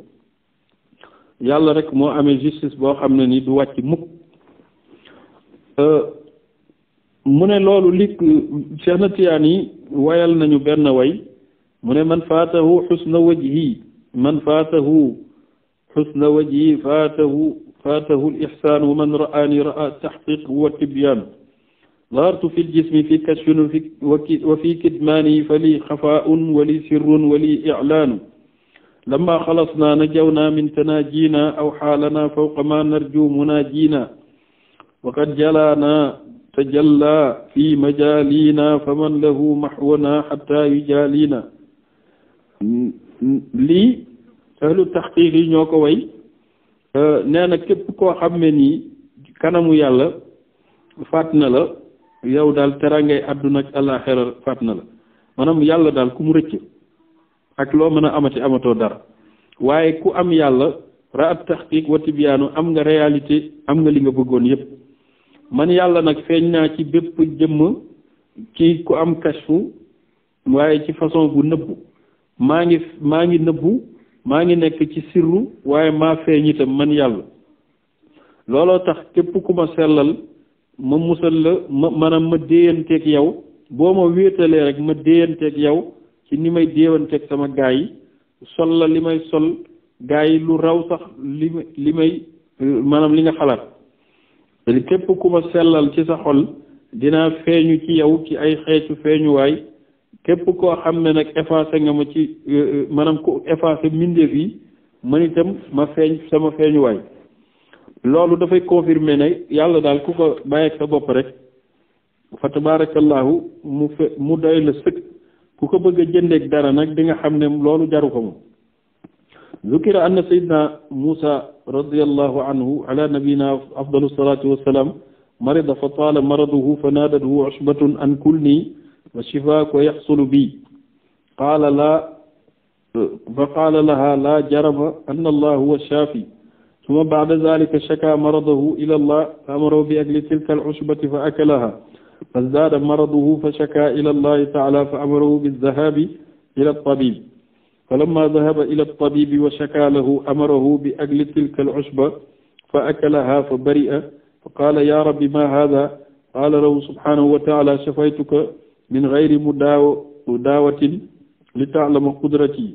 yàlla rek moo amee justice boo xam ne nii du wàcc mukk euh, mu ne loolu li Cheikh na Tiyaan yi wayal nañu benn way mu ne man faatahu xusna wajhi man faatahu xusna wajhi faatahu faatahu al-ihsaan wa man ra'aani ra'a at-tahqiiq wa at-tibyaan ظهرت في الجسم في كشف وفي كتماني فلي خفاء ولي سر ولي إعلان لما خلصنا نجونا من تناجينا أو حالنا فوق ما نرجو مناجينا وقد جلانا tajalla fi majalina faman lahu mahwana hatta yujalina lii tax kii yi ñoo ko way nee na képp koo xam ne nii kanamu yàlla faat na la yow daal terangay àdduna ak àllaaxira faat na la maanaam yàlla daal ku mu rëcc ak loo mën a amati amatoo dara waaye ku am yàlla raat taxqiq wa tibyaanu am nga réalité am nga li nga bëggoon yépp man yàlla nag feeñ naa ci bépp jëmm ci ku am kashfu waaye ci façon bu nëbbu maa ngi maa ngi nëbbu maa ngi nekk ci sirru waaye maa feeñ itam man yàlla looloo tax képp ku ma sellal ma musal la ma maanaam ma déyanteeg yow boo ma wéetalee rek ma déyanteeg yow ci ni may déewanteeg sama gaa yi sol la li may sol gaa yi lu raw sax li li may maanaam li nga xalaat te képp ku ma sellal ci sa xol dinaa feeñu ci yow ci ay xeetu feeñuwaay képp koo xam ne nag effacé nga ma ci euh, euh, maanaam ku effacé mbindeef yi man itam ma feeñ sama feeñuwaay loolu dafay confirmer ne yàlla daal ku ko bàyyeeg sa bopp rek fa tabarakallahu mu fe mu doy la sëkk ku ko bëgg a jëndeeg dara nag di nga xam ne loolu jaru ko moom zukira anna sayyidna Musa radiyallahu anhu ala nabina afdalu salatu wassalam marida fa taala maraduhu fa naadathu usbatun an kulni wa shifaaka yaxsulu bi qaala laa fa qaala laha laa jarama anna allah huwa shaafi summa ba'da zaalika shakaa maradahu ila allah fa amarahu bi akli tilka al-usbati fa akalaha fa zaada maraduhu fa shakaa ila allah ta'aala fa amarahu bi-dhahaabi ila at-tabiib فلما ذهب إلى الطبيب وشكى له أمره بأكل تلك العشبة فأكلها فبرئ فقال يا رب ما هذا قال له سبحانه وتعالى شفيتك من غير مداوة لتعلم قدرتي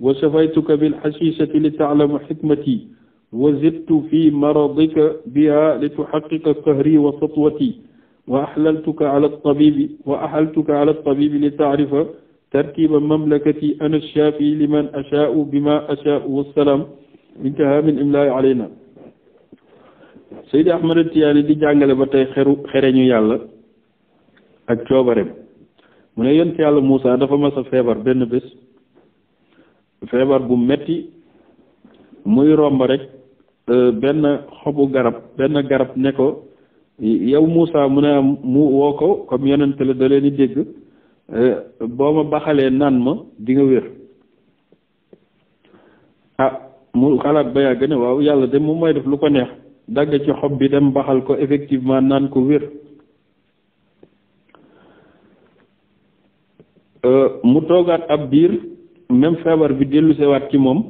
وشفيتك بالحشيشة لتعلم حكمتي وزدت في مرضك بها لتحقق قهري وسطوتي وأحللتك على الطبيب وأحلتك على الطبيب لتعرف tarkiba mamlakati ana shafii liman ashaau bima ashaau wassalaam intaha min alayna Seydi Ahmad Tiyaani di jàngale ba tey xeru xereñu yàlla ak coobareem mu ne yonent yàlla Muusa dafa mas feebar benn bés feebar bu metti muy romb rek euh, benn xobu garab benn garab ne ko yow Muusa mu ne am mu woo ko comme yonent la da di dégg Eh, boo ma baxalee naan ma di nga wér ah mu xalaat ba yàgg ne waaw yàlla de moom mooy def lu ko neex dagg ci xob bi dem baxal ko effectivement naan ko wér eh, mu toogaat ab biir même feebar bi dellu sewaat ci moom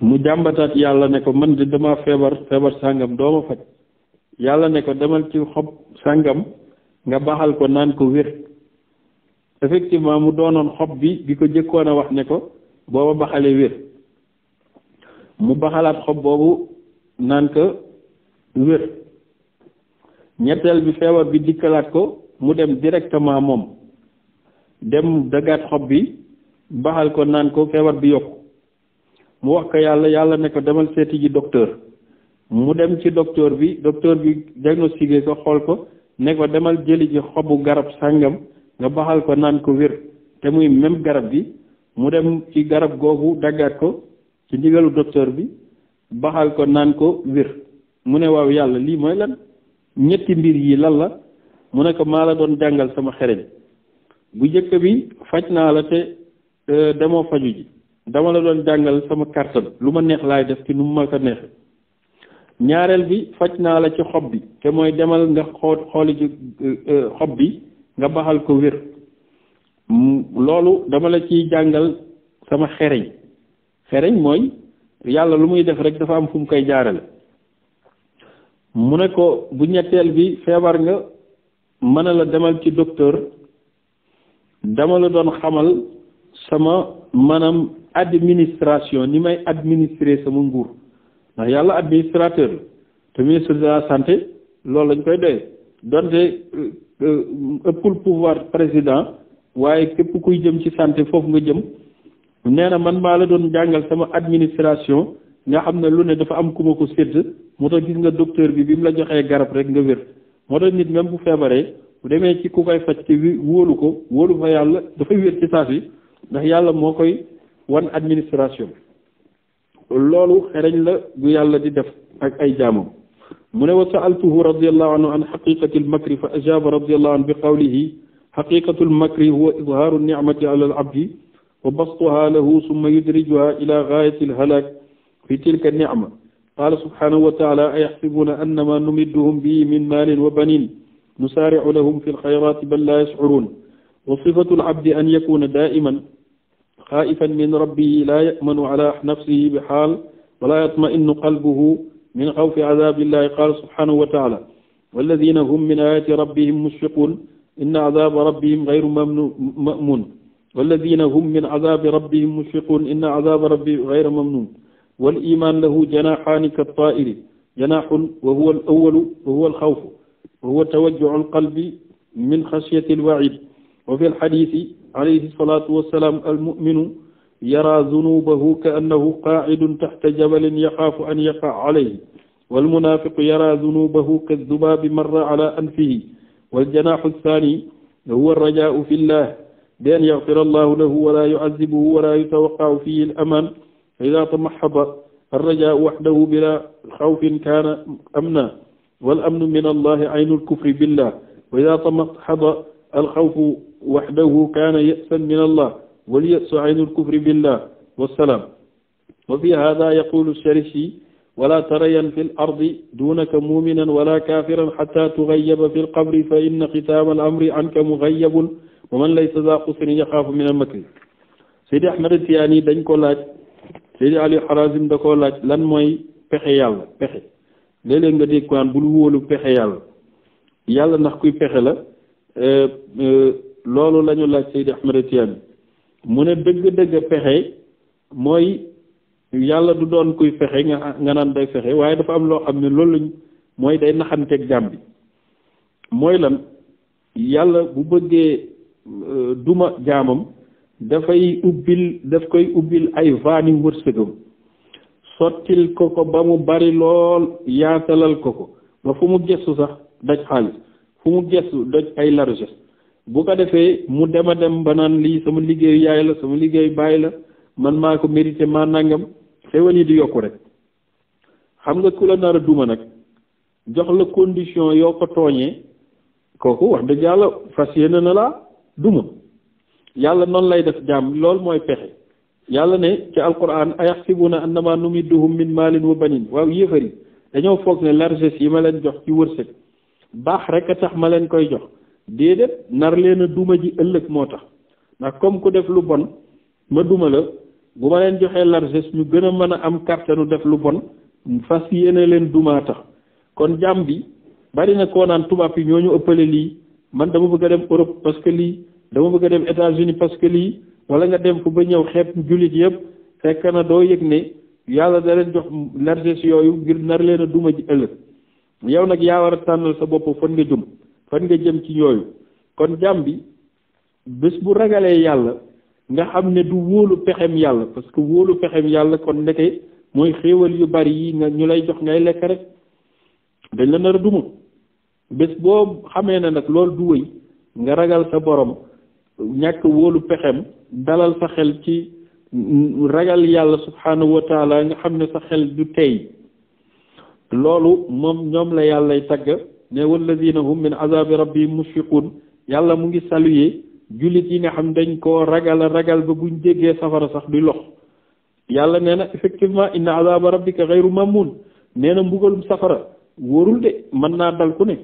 mu jàmbataat yàlla ne ko man de dama feebar feebar sàngam doo ma faj yàlla ne ko demal ci xob sàngam nga baxal ko naan ko wér effectivement mu doonoon xob bi bi ko jëkkoon a wax ne ko booba baxale wér mu baxalaat xob boobu naan ko wér ñetteel bi feebar bi dikkalaat ko mu dem directement moom dem dagaat xob bi baxal ko naan ko feebar bi yokk mu wax ko yàlla yàlla ne ko demal seeti ji docteur mu dem ci docteur bi docteur bi diagnostiqué ko xool ko ne ko demal jëli ji xobu garab sàngam nga baxal ko naan ko wér te muy même garab bi mu dem ci garab googu daggaat ko ci ndigalu docteur bi baxal ko naan ko wér mu ne waaw yàlla lii mooy lan ñetti mbir yi lan la mu ne ko maa la doon jàngal sama xereñ bu njëkk bi faj naa la te euh, demoo faju ji dama la doon jàngal sama kàttan lu ma neex laay def ci nu ma ko neexe ñaareel bi faj naa la ci xob bi te mooy demal nga xool xooli ji euh, euh, xob bi nga baxal ko wér loolu dama la ciy jàngal sama xereñ xereñ mooy yàlla lu muy def rek dafa am fu mu koy jaarale mu ne ko bu ñetteel bi feebar nga mën a la demal ci docteur dama la doon xamal sama maanaam administration ni may administrer sama nguur ndax yàlla administrateur te ministre de la santé loolu lañ koy doye donte euh, Euh, ëppul pouvoir président waaye képp kuy jëm ci sante foofu nga jëm nee man maa la doon jàngal sama administration nga xam ne lu ne dafa am ku ma ko sédd moo tax gis nga docteur bi bi mu la joxee garab rek nga wér moo tax nit même bu feebaree bu demee ci ku koy faj ci wóolu ko wóolu fa yàlla dafay wér ci saas yi ndax yàlla moo koy wan administration loolu xereñ la bu yàlla di def ak ay jaamam mu ne wa saaltuhu radiallahu anhu an xaqiqati almakri fa ajaaba radiallahu anhu bi qawlihi xaqiqatu almakri huwa izhaaru nicmati ala alabdi wa bastuha lahu summa yudrijuha ila gaayati alhalak fi tilka nicma qaala subhanahu wa taala ayaxsibuuna annama numidduhum bihi min maalin wa banin nusaaricu lahum fi alxayraati bal laa yashcuruun wa sifatu alabdi an yakuna daa'iman xaa'ifan min rabbihi laa ya'manu ala nafsihi bi xaal wa laa yatma'innu qalbuhu min xawfi azabillahi qaala subhanahu wa taala walladina hum min ayati rabbihim mushfiqun inna azaba rabbihim gayru mamun walladina hum min azabi rabbihim mushfiqun inna azaba rabbihim gayru mamnun wal iman lahu janaxaani ka taa'iri janaxun wa huwa al awalu wa huwa al xawfu wa huwa tawajjucu al qalbi min xashyati al waciid wa fi al xadiisi alayhi salaatu wa salaam al muminu yara zunubahu ka annahu qaacidun taxta jabalin yaxaafu an yaqa alayhi walmunaafiqu yara zunubahu ka zubaabi marra ala anfihi waljanaaxu saani huwa rajaau fi llah bi an yaxfira allahu lahu wala yuazibuhu wala yutawaqaau fihi al aman fa ida tamaxaba arrajaau waxdahu bila xawfin kaana amna wal amnu min allahi aynu alkufri billah wa ida tamaxaba alxawfu waxdahu kaana yasan min allah واليأس عين الكفر بالله والسلام وفي هذا يقول الشريشي ولا ترين في الأرض دونك مؤمنا ولا كافرا حتى تغيب في القبر فإن ختام الأمر عنك مغيب ومن ليس ذا قصر يخاف من المكر Seydi Ahmed Tidiane dañ ko laaj Seydi Ali Harazim da koo laaj lan mooy pexe yàlla pexe léeg-léeg nga dégg ko naan bul wóolu pexe yàlla yàlla ndax kuy pexe la euh, euh, loolu la ñu laaj Seydi Ahmed Tidiane mu ne dëgg-dëgg pexe mooy yàlla du doon kuy fexe nga nga naan day fexe waaye dafa am loo xam ne loolu lañ mooy day naxanteeg jàmm bi mooy lan yàlla bu bëggee euh, duma jaamam dafay ubbil daf koy ubbil ay vaani wërsëgam sottil ko ko ba mu bari lool yaatalal ko ko ba fu mu gëstu sax daj xaalis fu mu gëstu daj ay largesse bu ko defee mu dem a dem ba naan lii sama liggéeyu yaay la sama liggéeyu baay la man maa ko mérité maa nangam xéwal yi di yokku rek xam nga ku la nar duma nag jox la condition yoo ko tooñee kooku wax dëgg yàlla fas yéene na laa duma yàlla noonu lay def jàmm loolu mooy pexe yàlla ne ci alquran ayaxsibuna annama numidduhum min maalin wa banin waaw yéefari dañoo foog ne largesse yi ma leen jox ci wërsëg baax rek a tax ma leen koy jox déedéet nar leen a duma ji ëllëg moo tax ndax comme ku def lu bon ma duma la bu ma leen joxee largesse ñu gën a mën a am kàttanu def lu bon fas yéene leen dumaa tax kon jàmm bi bari na koo naan tubaab yi ñoo ñu ëppale lii man dama bëgg a dem Europe parce lii dama bëgg a dem États-Unis parce que lii wala nga dem fu ba ñëw xepp jullit yëpp fekk na doo yëg ne yàlla da leen jox largesse yooyu ngir nar leen a duma ji ëllëg yow nag yaa war a tànnal sa bopp fan nga jëm fan nga jëm ci yooyu kon jàmm bi bés bu ragalee yàlla nga xam ne du wóolu pexem yàlla parce que wóolu pexem yàlla kon ndeke mooy xéewal yu bari yi nga ñu lay jox ngay lekk rek dañ la nar a bés boo xamee na nag loolu du wëy nga ragal sa borom ñàkk wóolu pexem dalal sa xel ci ragal yàlla subhanahu wa nga xam ne sa xel du tey loolu moom ñoom la yàllay tagg ne walladina hum min azabi rabbihim mushfiqun yàlla mu ngi saluer jullit yi nga xam dañ koo ragal ragal ba buñ jéggee safara sax du lox yàlla nee na effectivement inna azaba rabbika ghayru mamun nee na mbugalum safara wóorul de mën naa dal ko ne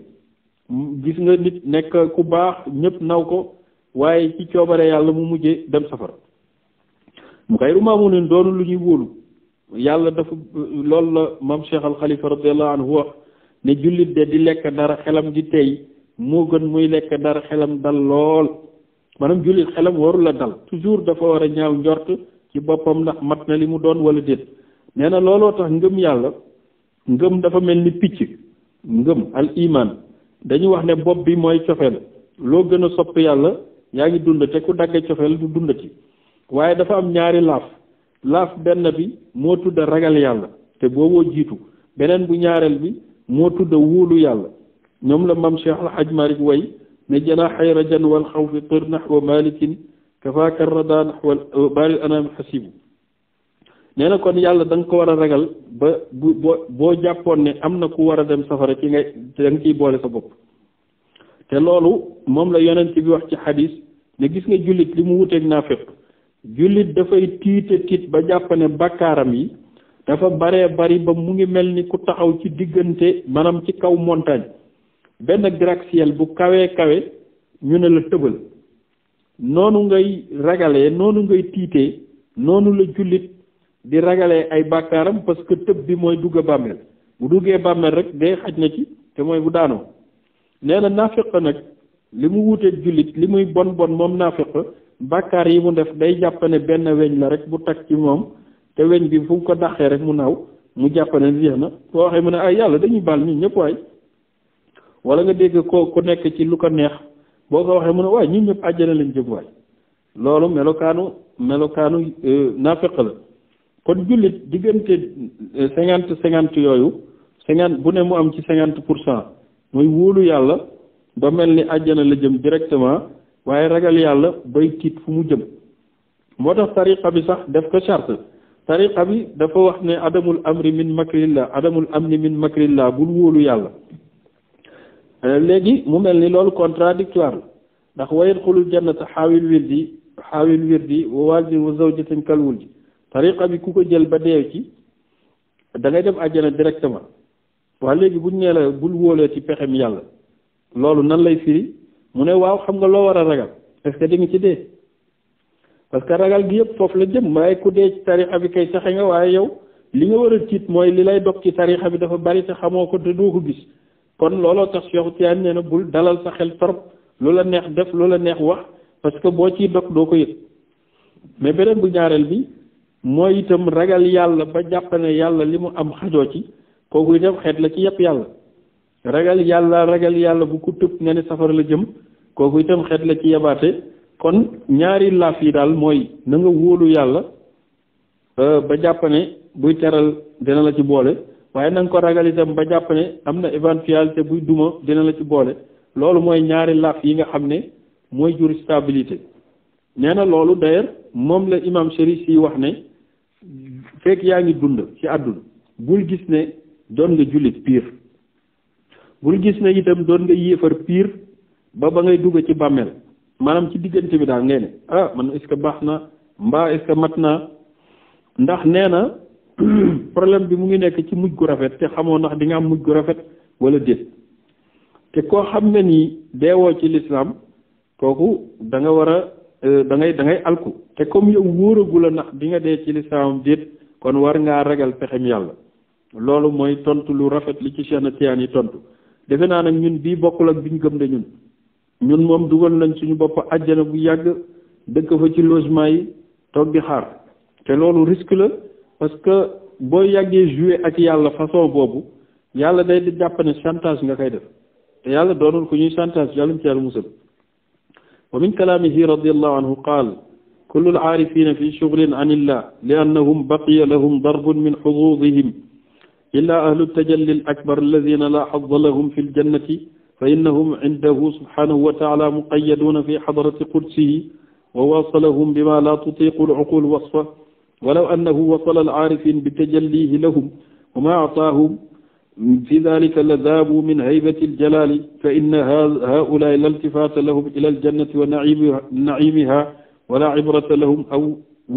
gis nga nit nekk ku baax ñëpp naw ko waaye ci coobare yàlla mu mujjee dem safara ghayru mamun doonu lu ñuy wóolu yàlla dafa loolu la maam Cheikh Al Khalifa radiyallahu anhu wax ne jullit de di lekk dara xelam di tey moo gën muy lekk dara xelam dal lool manam jullit xelam waru la dal toujours dafa war a ñaaw njort ci boppam ndax mat na li mu doon wala déet nee na looloo tax ngëm yàlla ngëm dafa mel ni picc ngëm al iman dañu wax ne bopp bi mooy cofeel loo gën a sopp yàlla yaa ngi dund te ku dagge cofeel du dund ci waaye dafa am ñaari laaf laaf benn bi moo tudd ragal yàlla te booboo jiitu beneen bu ñaareel bi moo tudd wuulu yàlla ñoom la mam Cheikh alhaj Malick way ne jëla xayra jan wal xawfi tir naxwa malikin kafaakar rada naxwa euh, baril anam xasibu nee na kon yàlla danga ko war a ragal ba bu boo jàppoon ne am na ku war a dem safara ci ngay da nga ciy boole sa bopp te loolu moom la yonent bi wax ci xadis ne gis nga jullit li mu wuteeg naafiq jullit dafay tiite tiit ba jàpp ne bakkaaram yi dafa baree bari ba mu ngi mel ni ku taxaw ci diggante maanaam ci kaw montagne benn gratte bu kawee kawe ñu ne la tëbal noonu ngay ragale noonu ngay tiitee noonu la jullit di ragalee ay bàkkaaram parce que tëb bi mooy dugg bàmmeel bu duggee bàmmeel rek dee xaj na ci te mooy bu daanoo nee na nafiq nag li mu wuuteeg jullit li muy bon bon moom nafiq bàkkaar yi mu def day jàpp ne benn weñ la rek bu tag ci moom te weñ bi fu ko dàqee rek mu naaw mu jàpp ne jeex na boo waxee mu ne ay yàlla dañuy baal ñun ñëpp waay wala nga dégg ko ku nekk ci lu ko neex boo ko waxee mu ne waay ñun ñëpp àjjana lañ jëm waay loolu melokaanu melokaanu euh, naafeq la kon jullit diggante euh, cinquante cinquante yooyu cinquante bu ne mu am ci cinquante pour cent mooy wóolu yàlla ba mel ni àjjana la jëm directement waaye ragal yàlla bay tiit fu mu jëm moo tax tariqa bi sax def ko tariqa bi dafa wax ne adamul amri min makrillah adamul amni min makrillah bul wóolu yàlla euh, léegi mu mel ni loolu contradictoire la ndax wa yadxulul jannata xaawil wirdi xaawil wirdi wa waazin wa zawjatin kalwul ji tariqa bi ku ko jël ba deew ci dangay ngay dem àjjana directement waa léegi buñ nee la bul wóolee ci pexem yàlla loolu nan lay firi mu ne waaw xam nga loo war a ragal est que di ci dee parce que ragal gi yëpp foofu la jëm maay ku dee ci tarixa bi kay saxe nga waaye yow li nga war a tiit mooy li lay dog ci tarixa bi dafa bari te xamoo ko te doo ko gis kon looloo tax Cheikh Tidiane nee dalal sa xel trop lu la neex def lu la neex wax parce que boo ciy dog doo ko yëg mais beneen bu ñaareel bi moo itam ragal yàlla ba jàpp ne yàlla li mu am xajoo ci kooku itam xeet la ci yëpp yàlla ragal yàlla ragal yàlla bu ko tëb nga ne safara la jëm kooku itam xeet la ci yabaate kon ñaari laaf yi daal mooy na nga wóolu yàlla euh, ba jàppane buy teral dina la ci boole waaye na ko ragal itam ba jàpp am na éventualité buy duma dina la ci boole loolu mooy ñaari laaf yi nga xam ne mooy jur stabilité nee loolu d'ailleurs moom la imam Chérif yi wax ne fekk yaa ngi dund ci àdduna bul gis ne doon nga jullit piir bul gis ne itam doon nga yéefar piir ba ba ngay dugg ci bàmmeel maanaam ci diggante bi daal ngay ne ah man est-ce baax na mbaa est-ce mat na ndax nee na problème bi mu ngi nekk ci mujj gu rafet te xamoo ndax di nga am mujj gu rafet wala déet te koo xam ne nii deewoo ci lislaam kooku danga war a dangay euh, dangay da alku te comme yow wóoragu a ndax di nga dee ci lislaamam déet kon war ngaa ragal pexem yàlla loolu mooy tontu lu rafet lu ci Cheikh Tidiane yi tontu defe naa nag ñun bii bokkul ak bi ñu gëm de ñun ñun moom dugal nañ suñu bopp àjjana bu yàgg dëkk fa ci logement yi toog di te loolu risque la parce que boo yàggee jouer ak yàlla façon boobu yàlla day di jàpp ne chantage nga koy def yàlla doonul ku ñuy chantage yàlla ci yàlla musal wa min kalaamihi radiallahu anhu qaal kullu al aarifina fi shuglin an illah li annahum baqiya lahum darbun min xududihim illa ahlu tajalli al akbar alladina la xadda lahum fi ljannati fa innahum indahu subhanahu wa taala muqayaduuna fi xadrati qudsihi wa wasalahum bima la tutiqu alcuqul wasfa walaw annahu wasala alcaarifin bitajallihi lahum wa ma actaahum fi dalika la daabu min haybati aljalaali fa inna haulaai la iltifaata lahum ila aljannati wa naciimiha wala cibrata lahum aw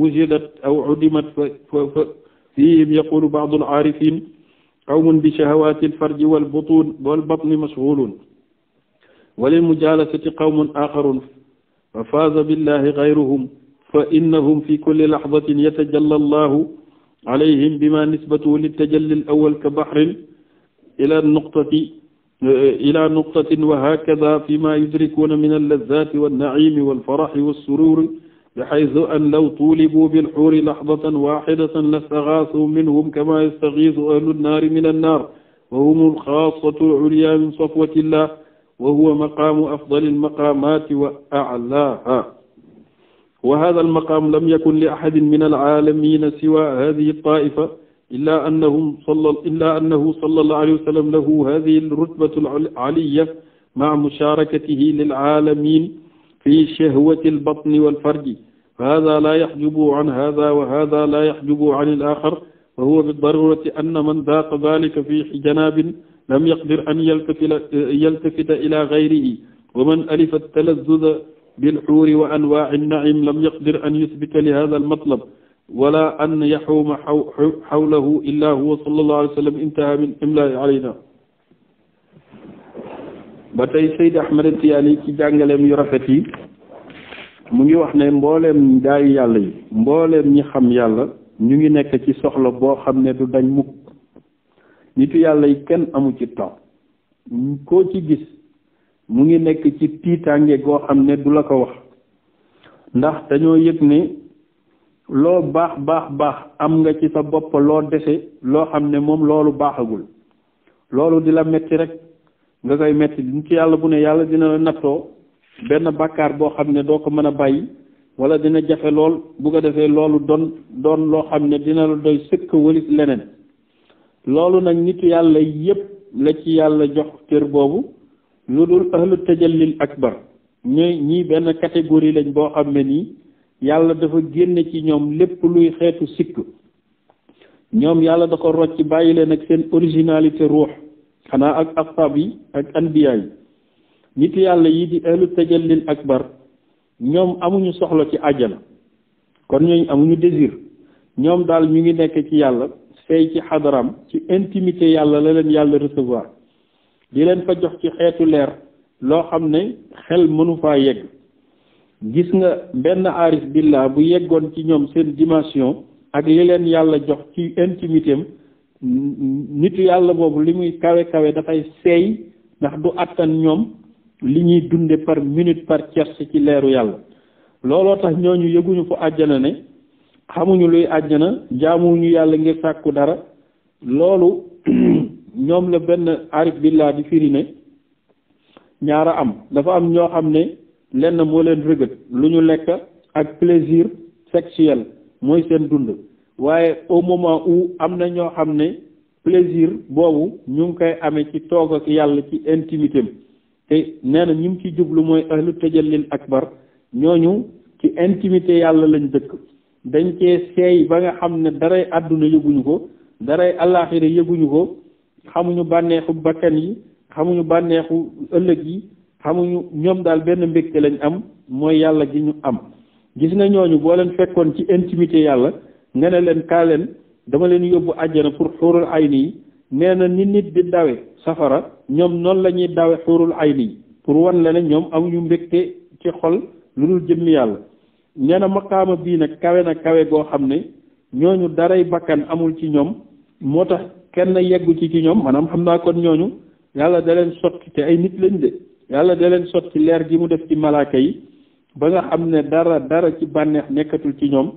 wujidat aw udimat fa fihim yaqulu bacdu alcaarifin qawmun bi shahawaati alfarji walbutun walbatni mashgulun walil mujalasati qawmun axarun fa faaza billahi gayruhum fa innahum fi kulli lahdatin yatajalla allahu alayhim bima nisbatuhu littajalli alawal ka bahrin ila nuqtati ila nuqtatin wa hakada fima yudrikuuna min allazati wannaimi walfaraxi walsururi bixaysu an law tuulibu bilxuuri lahdatan waxidatan lastagaasu minhum kama yastagiisu ahlu nnaari min annaar wa hum alxaasatu ulyaa min safwatillah wa huwa maqaamu afdali almaqaamaati wa aclaaha wa haada almaqaam lam yakun li axadin min alcaalamiina siwa haadihi altaa'ifa illaa annahum salla illaa annahu salla allahu alayhi wa sallam lahu haadihi alrutbatu alcaliya maca mushaarakatihi lilcaalamiin fi shahwati albatni walfarji fa haada laa yaxjubu can haada wa haada laa yaxjubu can alaaxar wa huwa bidarurati anna man daaqa dalika fi janaabin lam yaqdir an yaltafita eh, yaltafita ila gayrihi wa man alifa talazuza bilxuuri wa anwaaci naim lam yaqdir an yusbita li hada almatlab wala an yaxuuma xawlahu illa huwa sallallahu alayhi wa sallam intaha min imlaai alayna ba tey Seydi Ahmed Tiyaani ci jàngaleem yu rafet yi mu ngi wax ne mbooleem daayi yàlla yi mbooleem ñi xam yàlla ñu ngi nekk ci soxla boo xam ne du dañ mukk nitu yàlla yi kenn amu ci temps koo ci gis mu ngi nekk ci tiitaange goo xam ne du la ko wax ndax dañoo yëg ne loo baax baax baax am nga ci sa bopp loo dese loo xam ne moom loolu baaxagul loolu di la metti rek nga koy metti nitu yàlla bu ne yàlla dina la nattoo benn bàkkaar boo xam ne doo ko mën a bàyyi wala dina jafe lool bu ko defee loolu doon doon loo xam ne dina la doy sëkk walis leneen loolu nag nit yàlla yépp la ci yàlla jox kër boobu lu dul ahlu tajallil akbar ñooy ñii benn catégorie lañ boo xam ne nii yàlla dafa génne ci ñoom lépp luy xeetu sikk ñoom yàlla da ko rocc bàyyi leen ak seen originalité ruux xanaa ak asxaab yi ak anbiya yi nit yàlla yi di ahlu tajallil akbar ñoom amuñu soxla ci àjjana kon ñooñu amuñu désir ñoom daal ñu ngi nekk ci yàlla sey ci xadaram ci intimité yàlla la leen yàlla recevoir di leen fa jox ci xeetu leer loo xam ne xel mënu faa yegg gis nga benn aarif billah bu yeggoon ci ñoom seen dimension ak li leen yàlla jox ci intimitém nit yàlla boobu li muy kawe kawe dafay seey ndax du attan ñoom li ñuy dunde par minute par tierce ci leeru yàlla looloo tax ñooñu yëguñu fu àjjana ne xamuñu luy àjjana jaamuñu yàlla ngir sàkku dara loolu ñoom la benn arif billah di firi ñaara am dafa am ñoo xam ne lenn moo leen rëgët lu ñu lekk ak plaisir sexuel mooy seen dund waaye au moment où am na ñoo xam ne plaisir boobu ñu ngi koy amee ci toog ak yàlla ci intimité am te nee na ñi mu ci jublu mooy ahlu tajallil akbar ñooñu ci intimité yàlla lañ dëkk dañ cee seey ba nga xam ne daray àdduna yëguñu ko daray allaaxira yëguñu ko xamuñu bànneexu bakkan yi xamuñu bànneexu ëllëg yi xamuñu ñoom daal benn mbégte lañ am mooy yàlla gi ñu am gis nga ñooñu boo leen fekkoon ci intimité yàlla nga ne leen kaa dama leen yóbbu àjjana pour xuurul ayni yi nee na nit nit di dawe safara ñoom noonu la ñuy dawe xuurul ayni yi pour wan la ne ñoom amuñu mbégte ci xol lu dul jëmmi yàlla nee na bii nag kawe na kawe goo xam ne ñooñu daray bàkkan amul ci ñoom moo tax kenn yeggu ci ci ñoom maanaam xam naa kon ñooñu yàlla da leen sotti te ay nit lañ de yàlla da leen sotti leer gi mu def ci malaaka yi ba nga xam ne dara dara ci bànneex nekkatul ci ñoom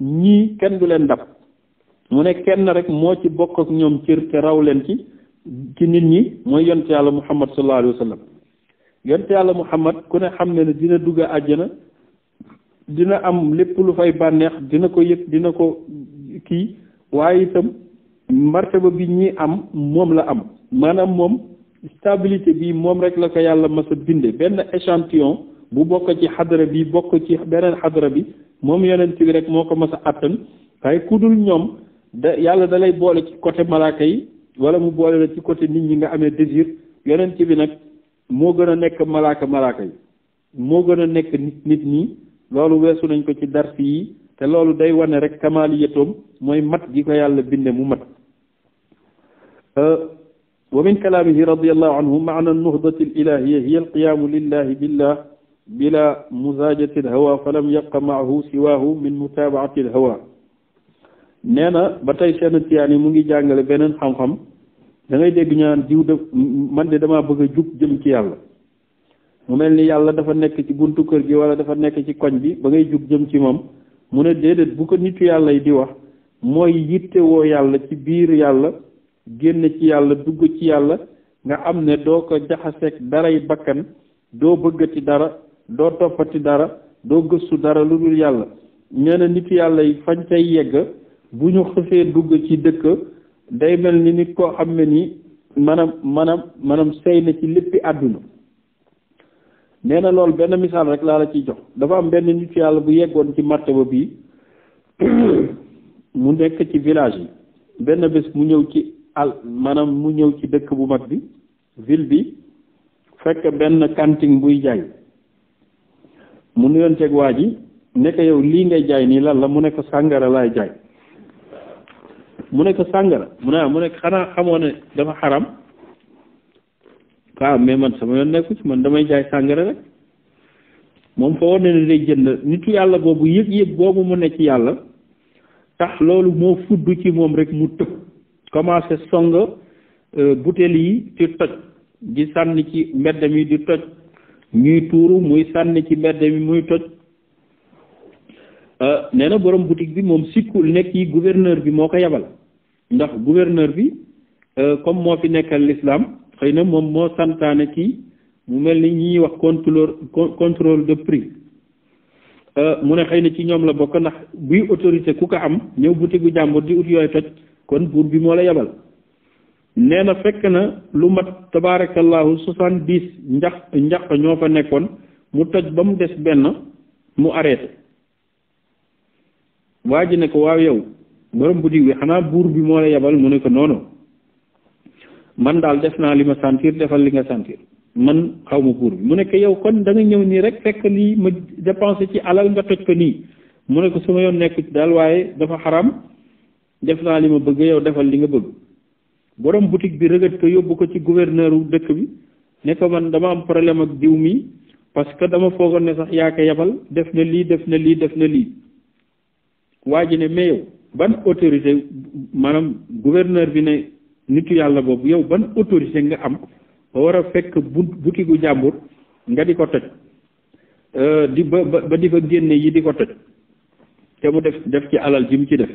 ñii kenn du leen dab mu ne kenn rek moo ci bokk ak ñoom ci raw leen ci ci nit ñi mooy yonte yàlla muhammad sallallahu alayhi wa sallam yonte yàlla muhammad ku ne xam ne ne dina dugg àjjana dina am lépp lu fay bànneex dina ko yëg dina ko kii waaye itam martaba bi ñii am moom la am maanaam moom stabilité bi moom rek la ko yàlla mas a binde benn échantillon bu bokk ci xadara bi bokk ci beneen xadara bi moom yonent bi rek moo ko mas a àttan waaye ku dul ñoom da yàlla dalay boole ci côté malaaka yi wala mu boole la ci côté nit ñi nga amee désir ci bi nag moo gën a nekk malaaka malaaka yi moo gën a nekk nit nit ñi loolu weesu nañ ko ci dars yi te loolu day wane rek kamaliyatoom mooy mat gi ko yàlla binde mu mat wa min kalaamihi radiallahu anhu maana nuhdati alilahiya hiya alqiyaamu lillahi billah bila muzaajati alhawa falam yaqa maahu siwaahu min mutaabaati alhawa nee na ba tey seen tiyaan yi mu ngi jàngale beneen xam-xam da ngay dégg ñaan diw de man de damaa bëgg a jub jëm ci yàlla mu mel ni yàlla dafa nekk ci buntu kër gi wala dafa nekk ci koñ bi ba ngay jug jëm ci moom mu ne déedéet bu ko nitu yàlla yi di wax mooy yitte woo yàlla ci biir yàlla génn ci yàlla dugg ci yàlla nga am ne doo ko jaxaseeg daray bakkan doo bëggati dara doo toppati dara doo gëstu dara lu dul yàlla nee na nitu yàlla yi fañ cay yegg bu ñu xësee dugg ci dëkk day mel ni nit koo am ne ni maanaam maanaam maanaam sey na ci léppi àdduna nee na loolu benn misaal rek laa la ciy jox dafa am benn nit yàlla bu yeggoon ci martaba bii mu nekk ci village yi benn bés mu ñëw ci al maanaam mu ñëw ci dëkk bu mag bi ville bi fekk benn cantine buy jaay mu nuyoon teg waa ji nekk yow lii ngay jaay nii lan la mu nekk sàngara laay jaay mu nekk sàngara mu ne ah, mu nekk xanaa xamoo ne dafa xaram waaw ah, mais man sama yoon nekku ci man damay jaay sàngara rek moom foo ne ne day jënd nit yàlla boobu yëpp yëpp boobu mu ne ci yàlla tax loolu moo fudd ci moom rek mu tëb commencé song euh, butéel yi di toj di sànni ci mbeddam yi di toj ñuy tuuru muy sànni ci mbedd mi muy toj euh, nee na borom boutique bi moom sikkul nekk yi gouverneur bi moo ko yabal ndax gouverneur bi euh, comme moo fi nekkal lislaam xëy na moom moo santaane kii mu mel ni ñi wax contrôle de prix euh, mu ne xëy na ci ñoom la bokk ndax buy autorité ku ko am ñëw boutique gu jàmbur di ut yooyu toj kon buur bi moo la yebal nee na fekk na lu mat tabaarakallahu soixante dix njax njax ñoo fa nekkoon mu toj ba mu des benn mu arrêté waa ji ne ko waaw yow borom boutique bi xanaa buur bi moo la yebal mu ne ko noonu man daal def naa li ma sentir defal li nga sentir man xaw ma buur bi mu nekk yow kon da nga ñëw nii rek fekk lii ma dépensé ci alal nga toj ko nii mu ne ko sama yoon nekk daal waaye dafa xaram def naa li ma bëgg yow defal li nga bëgg borom boutique bi rëgët ko yóbbu ko ci wu dëkk bi ne ko man dama am problème ak diw mi parce que dama foogoon ne sax yaa ko yebal def na lii def na lii def na lii waa ji ne mais yow ban autorité maanaam gouverneur bi ne nitu yàlla boobu yow ban autorité nga am ba war a fekk bu jàmbur nga di ko toj euh, di ba ba di fa génne yi di ko toj te mu def def ci alal ji mu ci def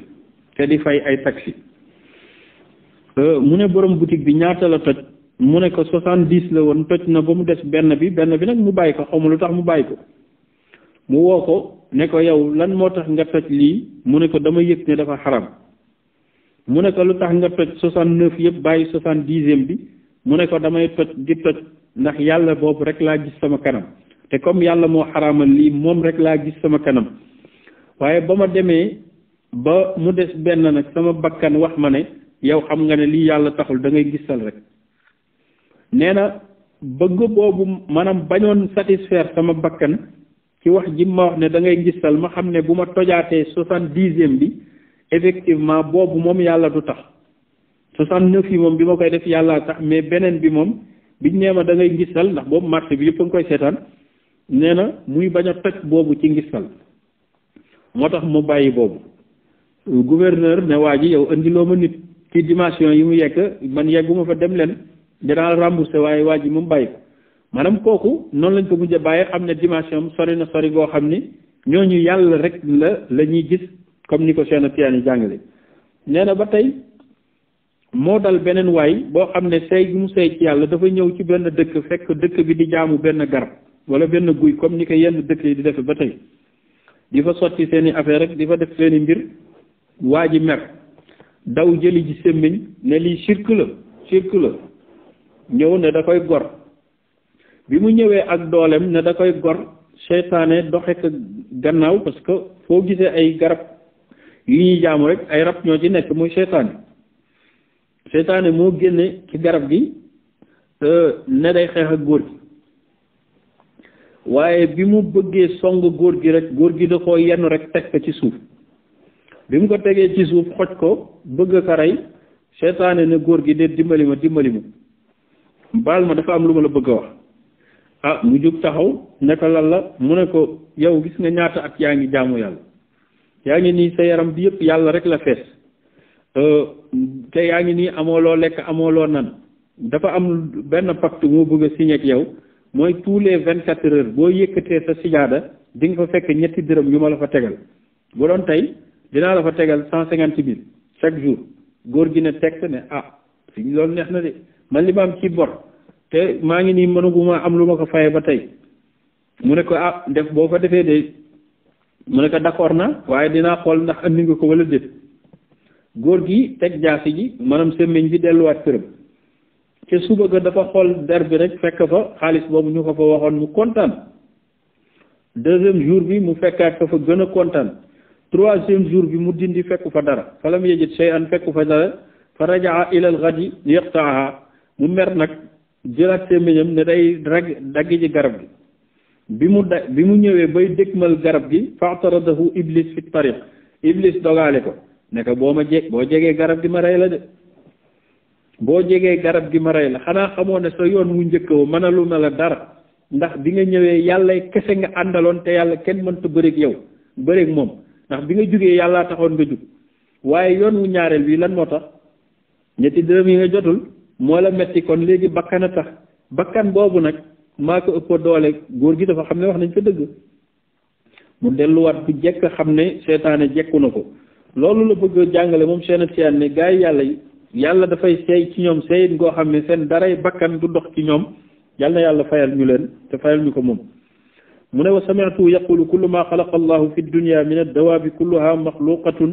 te di fay ay taxi euh, mu ne borom boutique bi ñaata la toj mu ne ko soixante-dix la woon toj na ba mu des benn bi benn bi nag mu bàyyi ko xaw ma lu tax mu bàyyi ko mu woo ko ne ko yow lan moo tax nga toj lii mu ne ko dama yëg ne dafa xaram mu ne ko lu tax nga toj soixante neuf yëpp bàyyi soixante dixième bi mu ne ko damay toj di toj ndax yàlla boobu rek laa gis sama kanam te comme yàlla moo xaraamal lii moom rek laa gis sama kanam waaye ba ma demee ba mu des benn nag sama bakkan wax ma ne yow xam nga ne lii yàlla taxul da ngay gisal rek nee na bëgg boobu maanaam bañoon satisfaire sama bakkan ci wax ji ma wax ne da ngay gisal ma xam ne bu ma tojaatee soixante dixième bi effectivement boobu moom yàlla du tax soixante neuf yi moom bi ma koy def yàlla tax mais beneen bi moom biñ nee ma da ngay ngistal ndax boobu marché bi yëpp a nga koy seetaan nee na muy bañ a toj boobu ci ngistal moo tax mu bàyyi boobu gouverneur ne waa ji yow andiloo ma nit ci dimension yi mu yekk man yegguma fa dem leen dinaa remboursé waaye waa ji moom bàyyi ko maanaam kooku noonu lañ ko mujj a bàyyi xam ne dimension am sori na sori goo xam ni ñooñu yàlla rek la la comme ni ko seen Tijaan yi jàngale nee ba tey moo dal beneen waay boo xam ne seey gi mu sey ci yàlla dafa ñëw ci benn dëkk fekk dëkk bi di jaamu benn garab wala benn guy comme ni ko yenn dëkk yi di defe ba tey di fa sotti seen i affaire rek di fa def seen mbir waa ji mer daw jëli ji sémmiñ ne lii sirk la sirk la ñëw ne da koy gor bi mu ñëwee ak dooleem ne da koy gor seytaane doxe ko gannaaw parce foo gisee ay garab yi ñuy jaamu rek ay rab ñoo ci nekk muy seytaane seytaane moo génne ci garab gi euh, ne day xeex ak góor gi waaye bi mu bëggee song góor gi rek góor gi da koo yenn rek teg ko ci suuf bi mu ko tegee ci suuf xoj ko bëgg ko rey seytaane ne góor gi de dimbali ma dimbali ma baal ma dafa am lu ma la bëgg a wax ah mu jóg taxaw naka lan la mu ne ko yow gis nga ñaata ak yaa ngi jaamu yàlla yaa ngi nii sa yaram bi yëpp yàlla rek la fees euh, te yaa ngi nii amoo loo lekk amoo loo nan dafa am benn pacte moo bëgg a signé ak mooy tous les vingt quatre heures boo yëkkatee sa sijaada dinga nga fa fekk ñetti dërëm yu ma la fa tegal bu doon tey dinaa la fa tegal cent cinquante mille chaque jour góor gi ne teg ne ah fi loolu neex na de man li ma am ci bor te maa ngi nii mënaguma am lu ma ko faye ba tey mu ne ko ah def boo fa defee de mu ne ko d'accord na waaye dinaa xool ndax andi nga ko wala déet góor gi teg jaasi ji maanaam semmiñ bi delluwaat këram ca suba ga dafa xool der bi rek fekk fa xaalis boobu ñu ko fa waxoon mu kontaan deuxième jour bi mu fekkaat ko fa gën a kontaan troisième jour bi mu dindi fekku fa dara falam yejit shay'an fekku fa dara fa rajaa ilal ghadi yaqta'aha mu mer nag jëlaat semmiñam ne day rag dagg ji garab gi bi mu da bi mu ñëwee bay dégmal garab gi fa'taradahu iblis fi tariq iblis dogaale ko ne ko boo ma jeg boo jegee garab gi ma rey la de boo jegee garab gi ma rey la xanaa xamoo ne sa yoon mu njëkk wa mënalu na la dara ndax bi nga ñëwee yàlla kese nga àndaloon te yàlla kenn mënta bëreeg yow bëreeg moom ndax bi nga jugee yàlla taxoon nga jug waaye yoon wu ñaareel bi lan moo tax ñetti dërëm yi nga jotul moo la metti kon léegi bakkan a tax bakkan boobu nag maa ko ëpp doole góor gi dafa xam ne wax nañ ko dëgg mu delluwaat bu jekk xam ne seetaane jekku na ko loolu la bëgg jàngale moom seen siyaan ne gaa yi yàlla dafay seey ci ñoom seeyit ngoo xam ne seen daray bakkan du dox ci ñoom yàlla yàlla fayal ñu leen te fayal ñu ko moom mu ne wa sami'tu yaqulu kullu ma xalaqa allahu fi dunya min addawaabi kulluha maxluqatun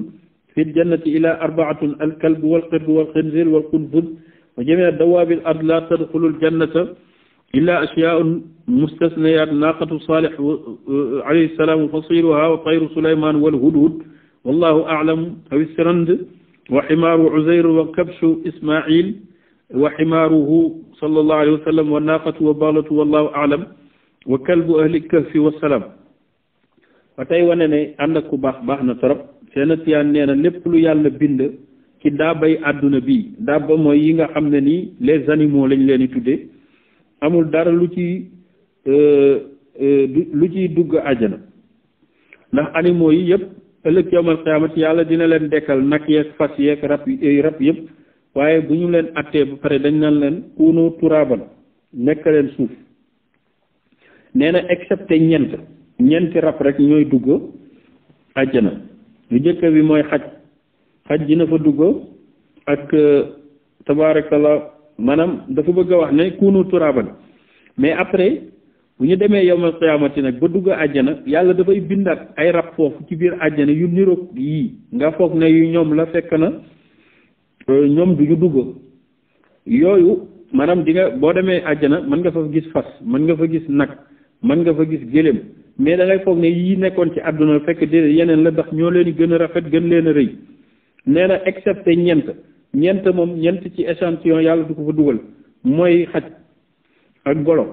fi ljannati ila arbaatun alkalbu walqirdu walxinzir walqunfud wa jamia dawaabi al ard la tadxulu illaa ashyaa'un mustasnayaat naaqatu saalix alayhi salaam fasiiluhaa wa tayru suleymaan wal hudhud wallaahu a'lam awi sarand wa ximaaru uzayr wa kabshu ismaa'iil wa ximaaruhu sallallahu alayhi wa sallam wa naaqatu wa baalatu wallaahu a'lam wa kalbu ahli kahfi wa salaam ba tey wane ne ànd ak ku baax baax na trop seen tiyaan nee na lépp lu yàlla bind ci daabay àdduna bi daaba mooy yi nga xam ne nii les animaux lañ leen di tuddee. amul dara lu ci euh, euh, lu ciy dugg àjjana ndax animaux yi yëpp ëllëg yawmal qiyaamati yàlla dina leen dekkal nag yeeg fas yeeg rab eh, rab yëpp waaye bu ñu leen attee ba pare dañ naan leen kuunu turaaban nekk leen suuf nee na excepté ñent ñenti rab rek ñooy dugg àjjana lu jëkk bi mooy xaj xaj dina fa dugg ak euh, tabaarakalla maanaam dafa bëgg a wax ne kunu turaaban mais après bu ñu demee yowmal qiyaamati nag ba dugg àjjana yàlla dafay bindaat ay rab foofu ci biir àjjana yu niroog yii nga foog ne yu ñoom la fekk na euh, ñoom du ñu dugg yooyu maanaam di nga boo demee àjjana mën nga fa gis fas mën nga fa gis nag mën nga fa gis gëléem mais da ngay foog ne yii nekkoon ci àdduna fekk déedéet yeneen la ndax ñoo leen gën a rafet gën leen a rëy nee na excepté ñeent ñeent moom ñeent ci échantillon yàlla du ko fa dugal mooy xaj ak golo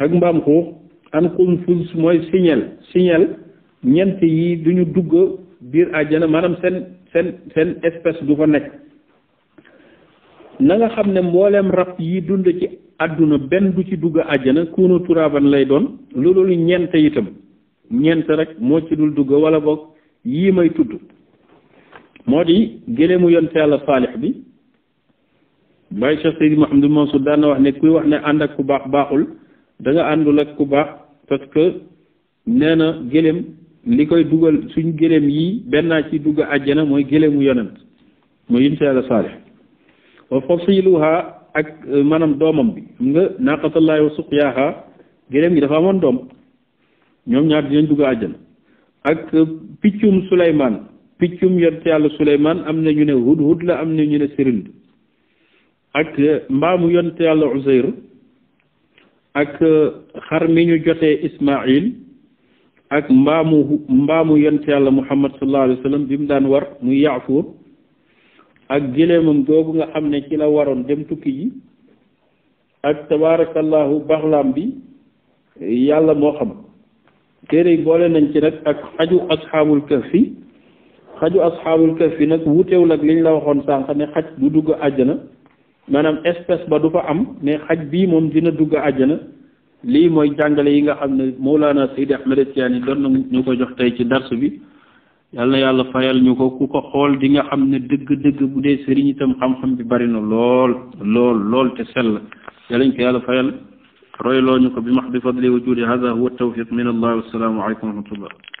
ak mbaam xuux an qunfus mooy signal signal ñeent yi duñu dugg biir àjjana maanaam seen seen seen espèce du fa nekk na nga xam ne mbooleem rab yi dund ci àdduna benn du ci dugg àjjana kuunu turaaban lay doon loolu ñeent itam ñeent rek moo ci dul dugg wala boog yii may tudd moo di gëléemu yonte yàlla saalix bi Baye Cheikh Seydi Mouhamadou Mansour daan na wax ne kuy wax ne ànd ak ku baax baaxul danga nga àndul ak ku baax parce que nee na gëléem li koy dugal suñ gëléem yi bennaa ci dugg àjjana mooy gëléemu yonent mooy yonte yàlla saalix wa fasiluha ak euh, maanaam doomam bi xam nga naqatallaahi wa suqyaaha gëléem gi dafa amoon doom ñoom ñaar dinañ dugg àjjana ak euh, piccum Suleymaan piccum yonte yàlla suleyman am na ñu ne hudhud la am na ñu ne sirind ak euh, mbaamu yonte yàlla uzair ak euh, xar mi ñu jotee ismail ak mbaamu mbaamu yonte yàlla muhammad sallallahu alayhi bi mu daan war mu yaafuur ak gileemam googu nga xam ne ci la waroon dem tukki ji ak tabaarakallahu baxlaam bi yàlla moo xam téere boole nañ ci nag ak aju asxaabul kahfi xaju asxaabul kahfi nag wutewul ak liñ la waxoon sànq ne xaj du dugg àjjana maanaam espèce ba du fa am mais xaj bii moom dina dugg àjjana lii mooy jàngale yi nga xam ne Mawlana Seydi Ahmed Tijaani doon na ñu ko jox tey ci dars bi yal na yàlla fayal ñu ko ku ko xool di nga xam ne dëgg-dëgg bu dee sëriñ itam xam-xam bi bari na lool lool lool te sell yalañ ko yàlla fayal royloo ñu ko bi max bi fadli wujudi hada huwa tawfiq min allah wassalaamu aleykum wa rahmatullah